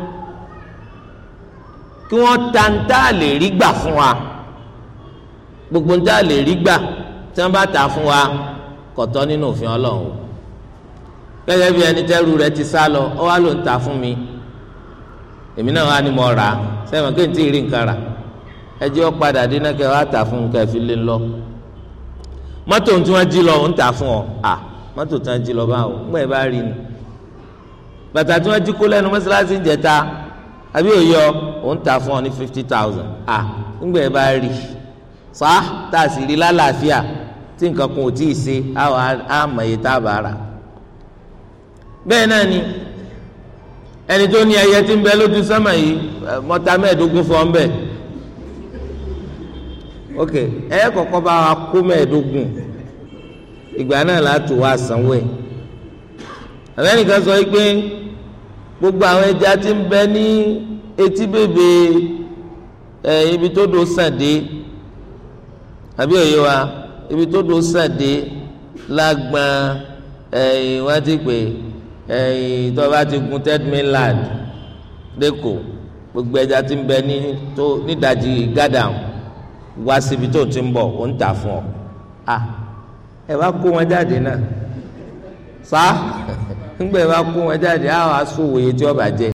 kí wọ́n ta ń tá a lè rí gbà fún wa gbogbo ń tá a lè rí gbà tí wọ́n bá ta fún wa kọ̀tọ́ nínú òfin ọlọ́run gẹ́gẹ́ bí ẹni tẹ́rù rẹ̀ ti sá lọ ọ wá ló ń ta fún mi èmi náà wá ni mo rà á sẹ́wọ̀n kí n tí rí nǹkan rà ẹjẹ ọ padà dínà kẹ wàá tà fún kẹ fi lé lọ mọ́tò tí wọ́n jí lọ ń tà fún ọ à mọ́tò tí wọ́n jí lọ báwo ńgbà ẹ bá rí ni bàtà tí wọ́n jí kó lẹ́nu mọ́sálásí ń jẹta àbí òye ọ ń tà fún ọ ní fifty thousand à ńgbà ẹ bá rí fa tá a sì rí lálàáfíà tí nǹkan kan ò tí ì ṣe àwọn àmọye tá a bá rà bẹ́ẹ̀ náà ni ẹni tó ní ẹyẹ tí ń bẹ lójú sánmà yìí mọ́tà mẹ́ẹ̀ẹ́dógún fọ́ ń bẹ́ẹ̀ ok ẹ kọ́kọ́ bá wa kó mẹ́ẹ̀ẹ́dógún ìgbà náà láti wá sanwó ẹ̀ àbẹ́nìkan sọ pé gbogbo àwọn ẹja tí ń bẹ ní etí bèbè ẹ ibi tó do sàdé àbí òye wa ibi tó do sàdé lágbọn ẹyìn wọn ti pè ẹyìn tó bá ti gun third mainland lẹ́kọ̀ọ́ gbogbo ẹja tí ń bẹ ní tó nídàjì gádàmù wá síbi tó ti ń bọ̀ ó ń tà fún ọ à ẹ bá kó wọn jáde náà sá ńgbà ẹ bá kó wọn jáde á wàá sòwòye tí ọba jẹ.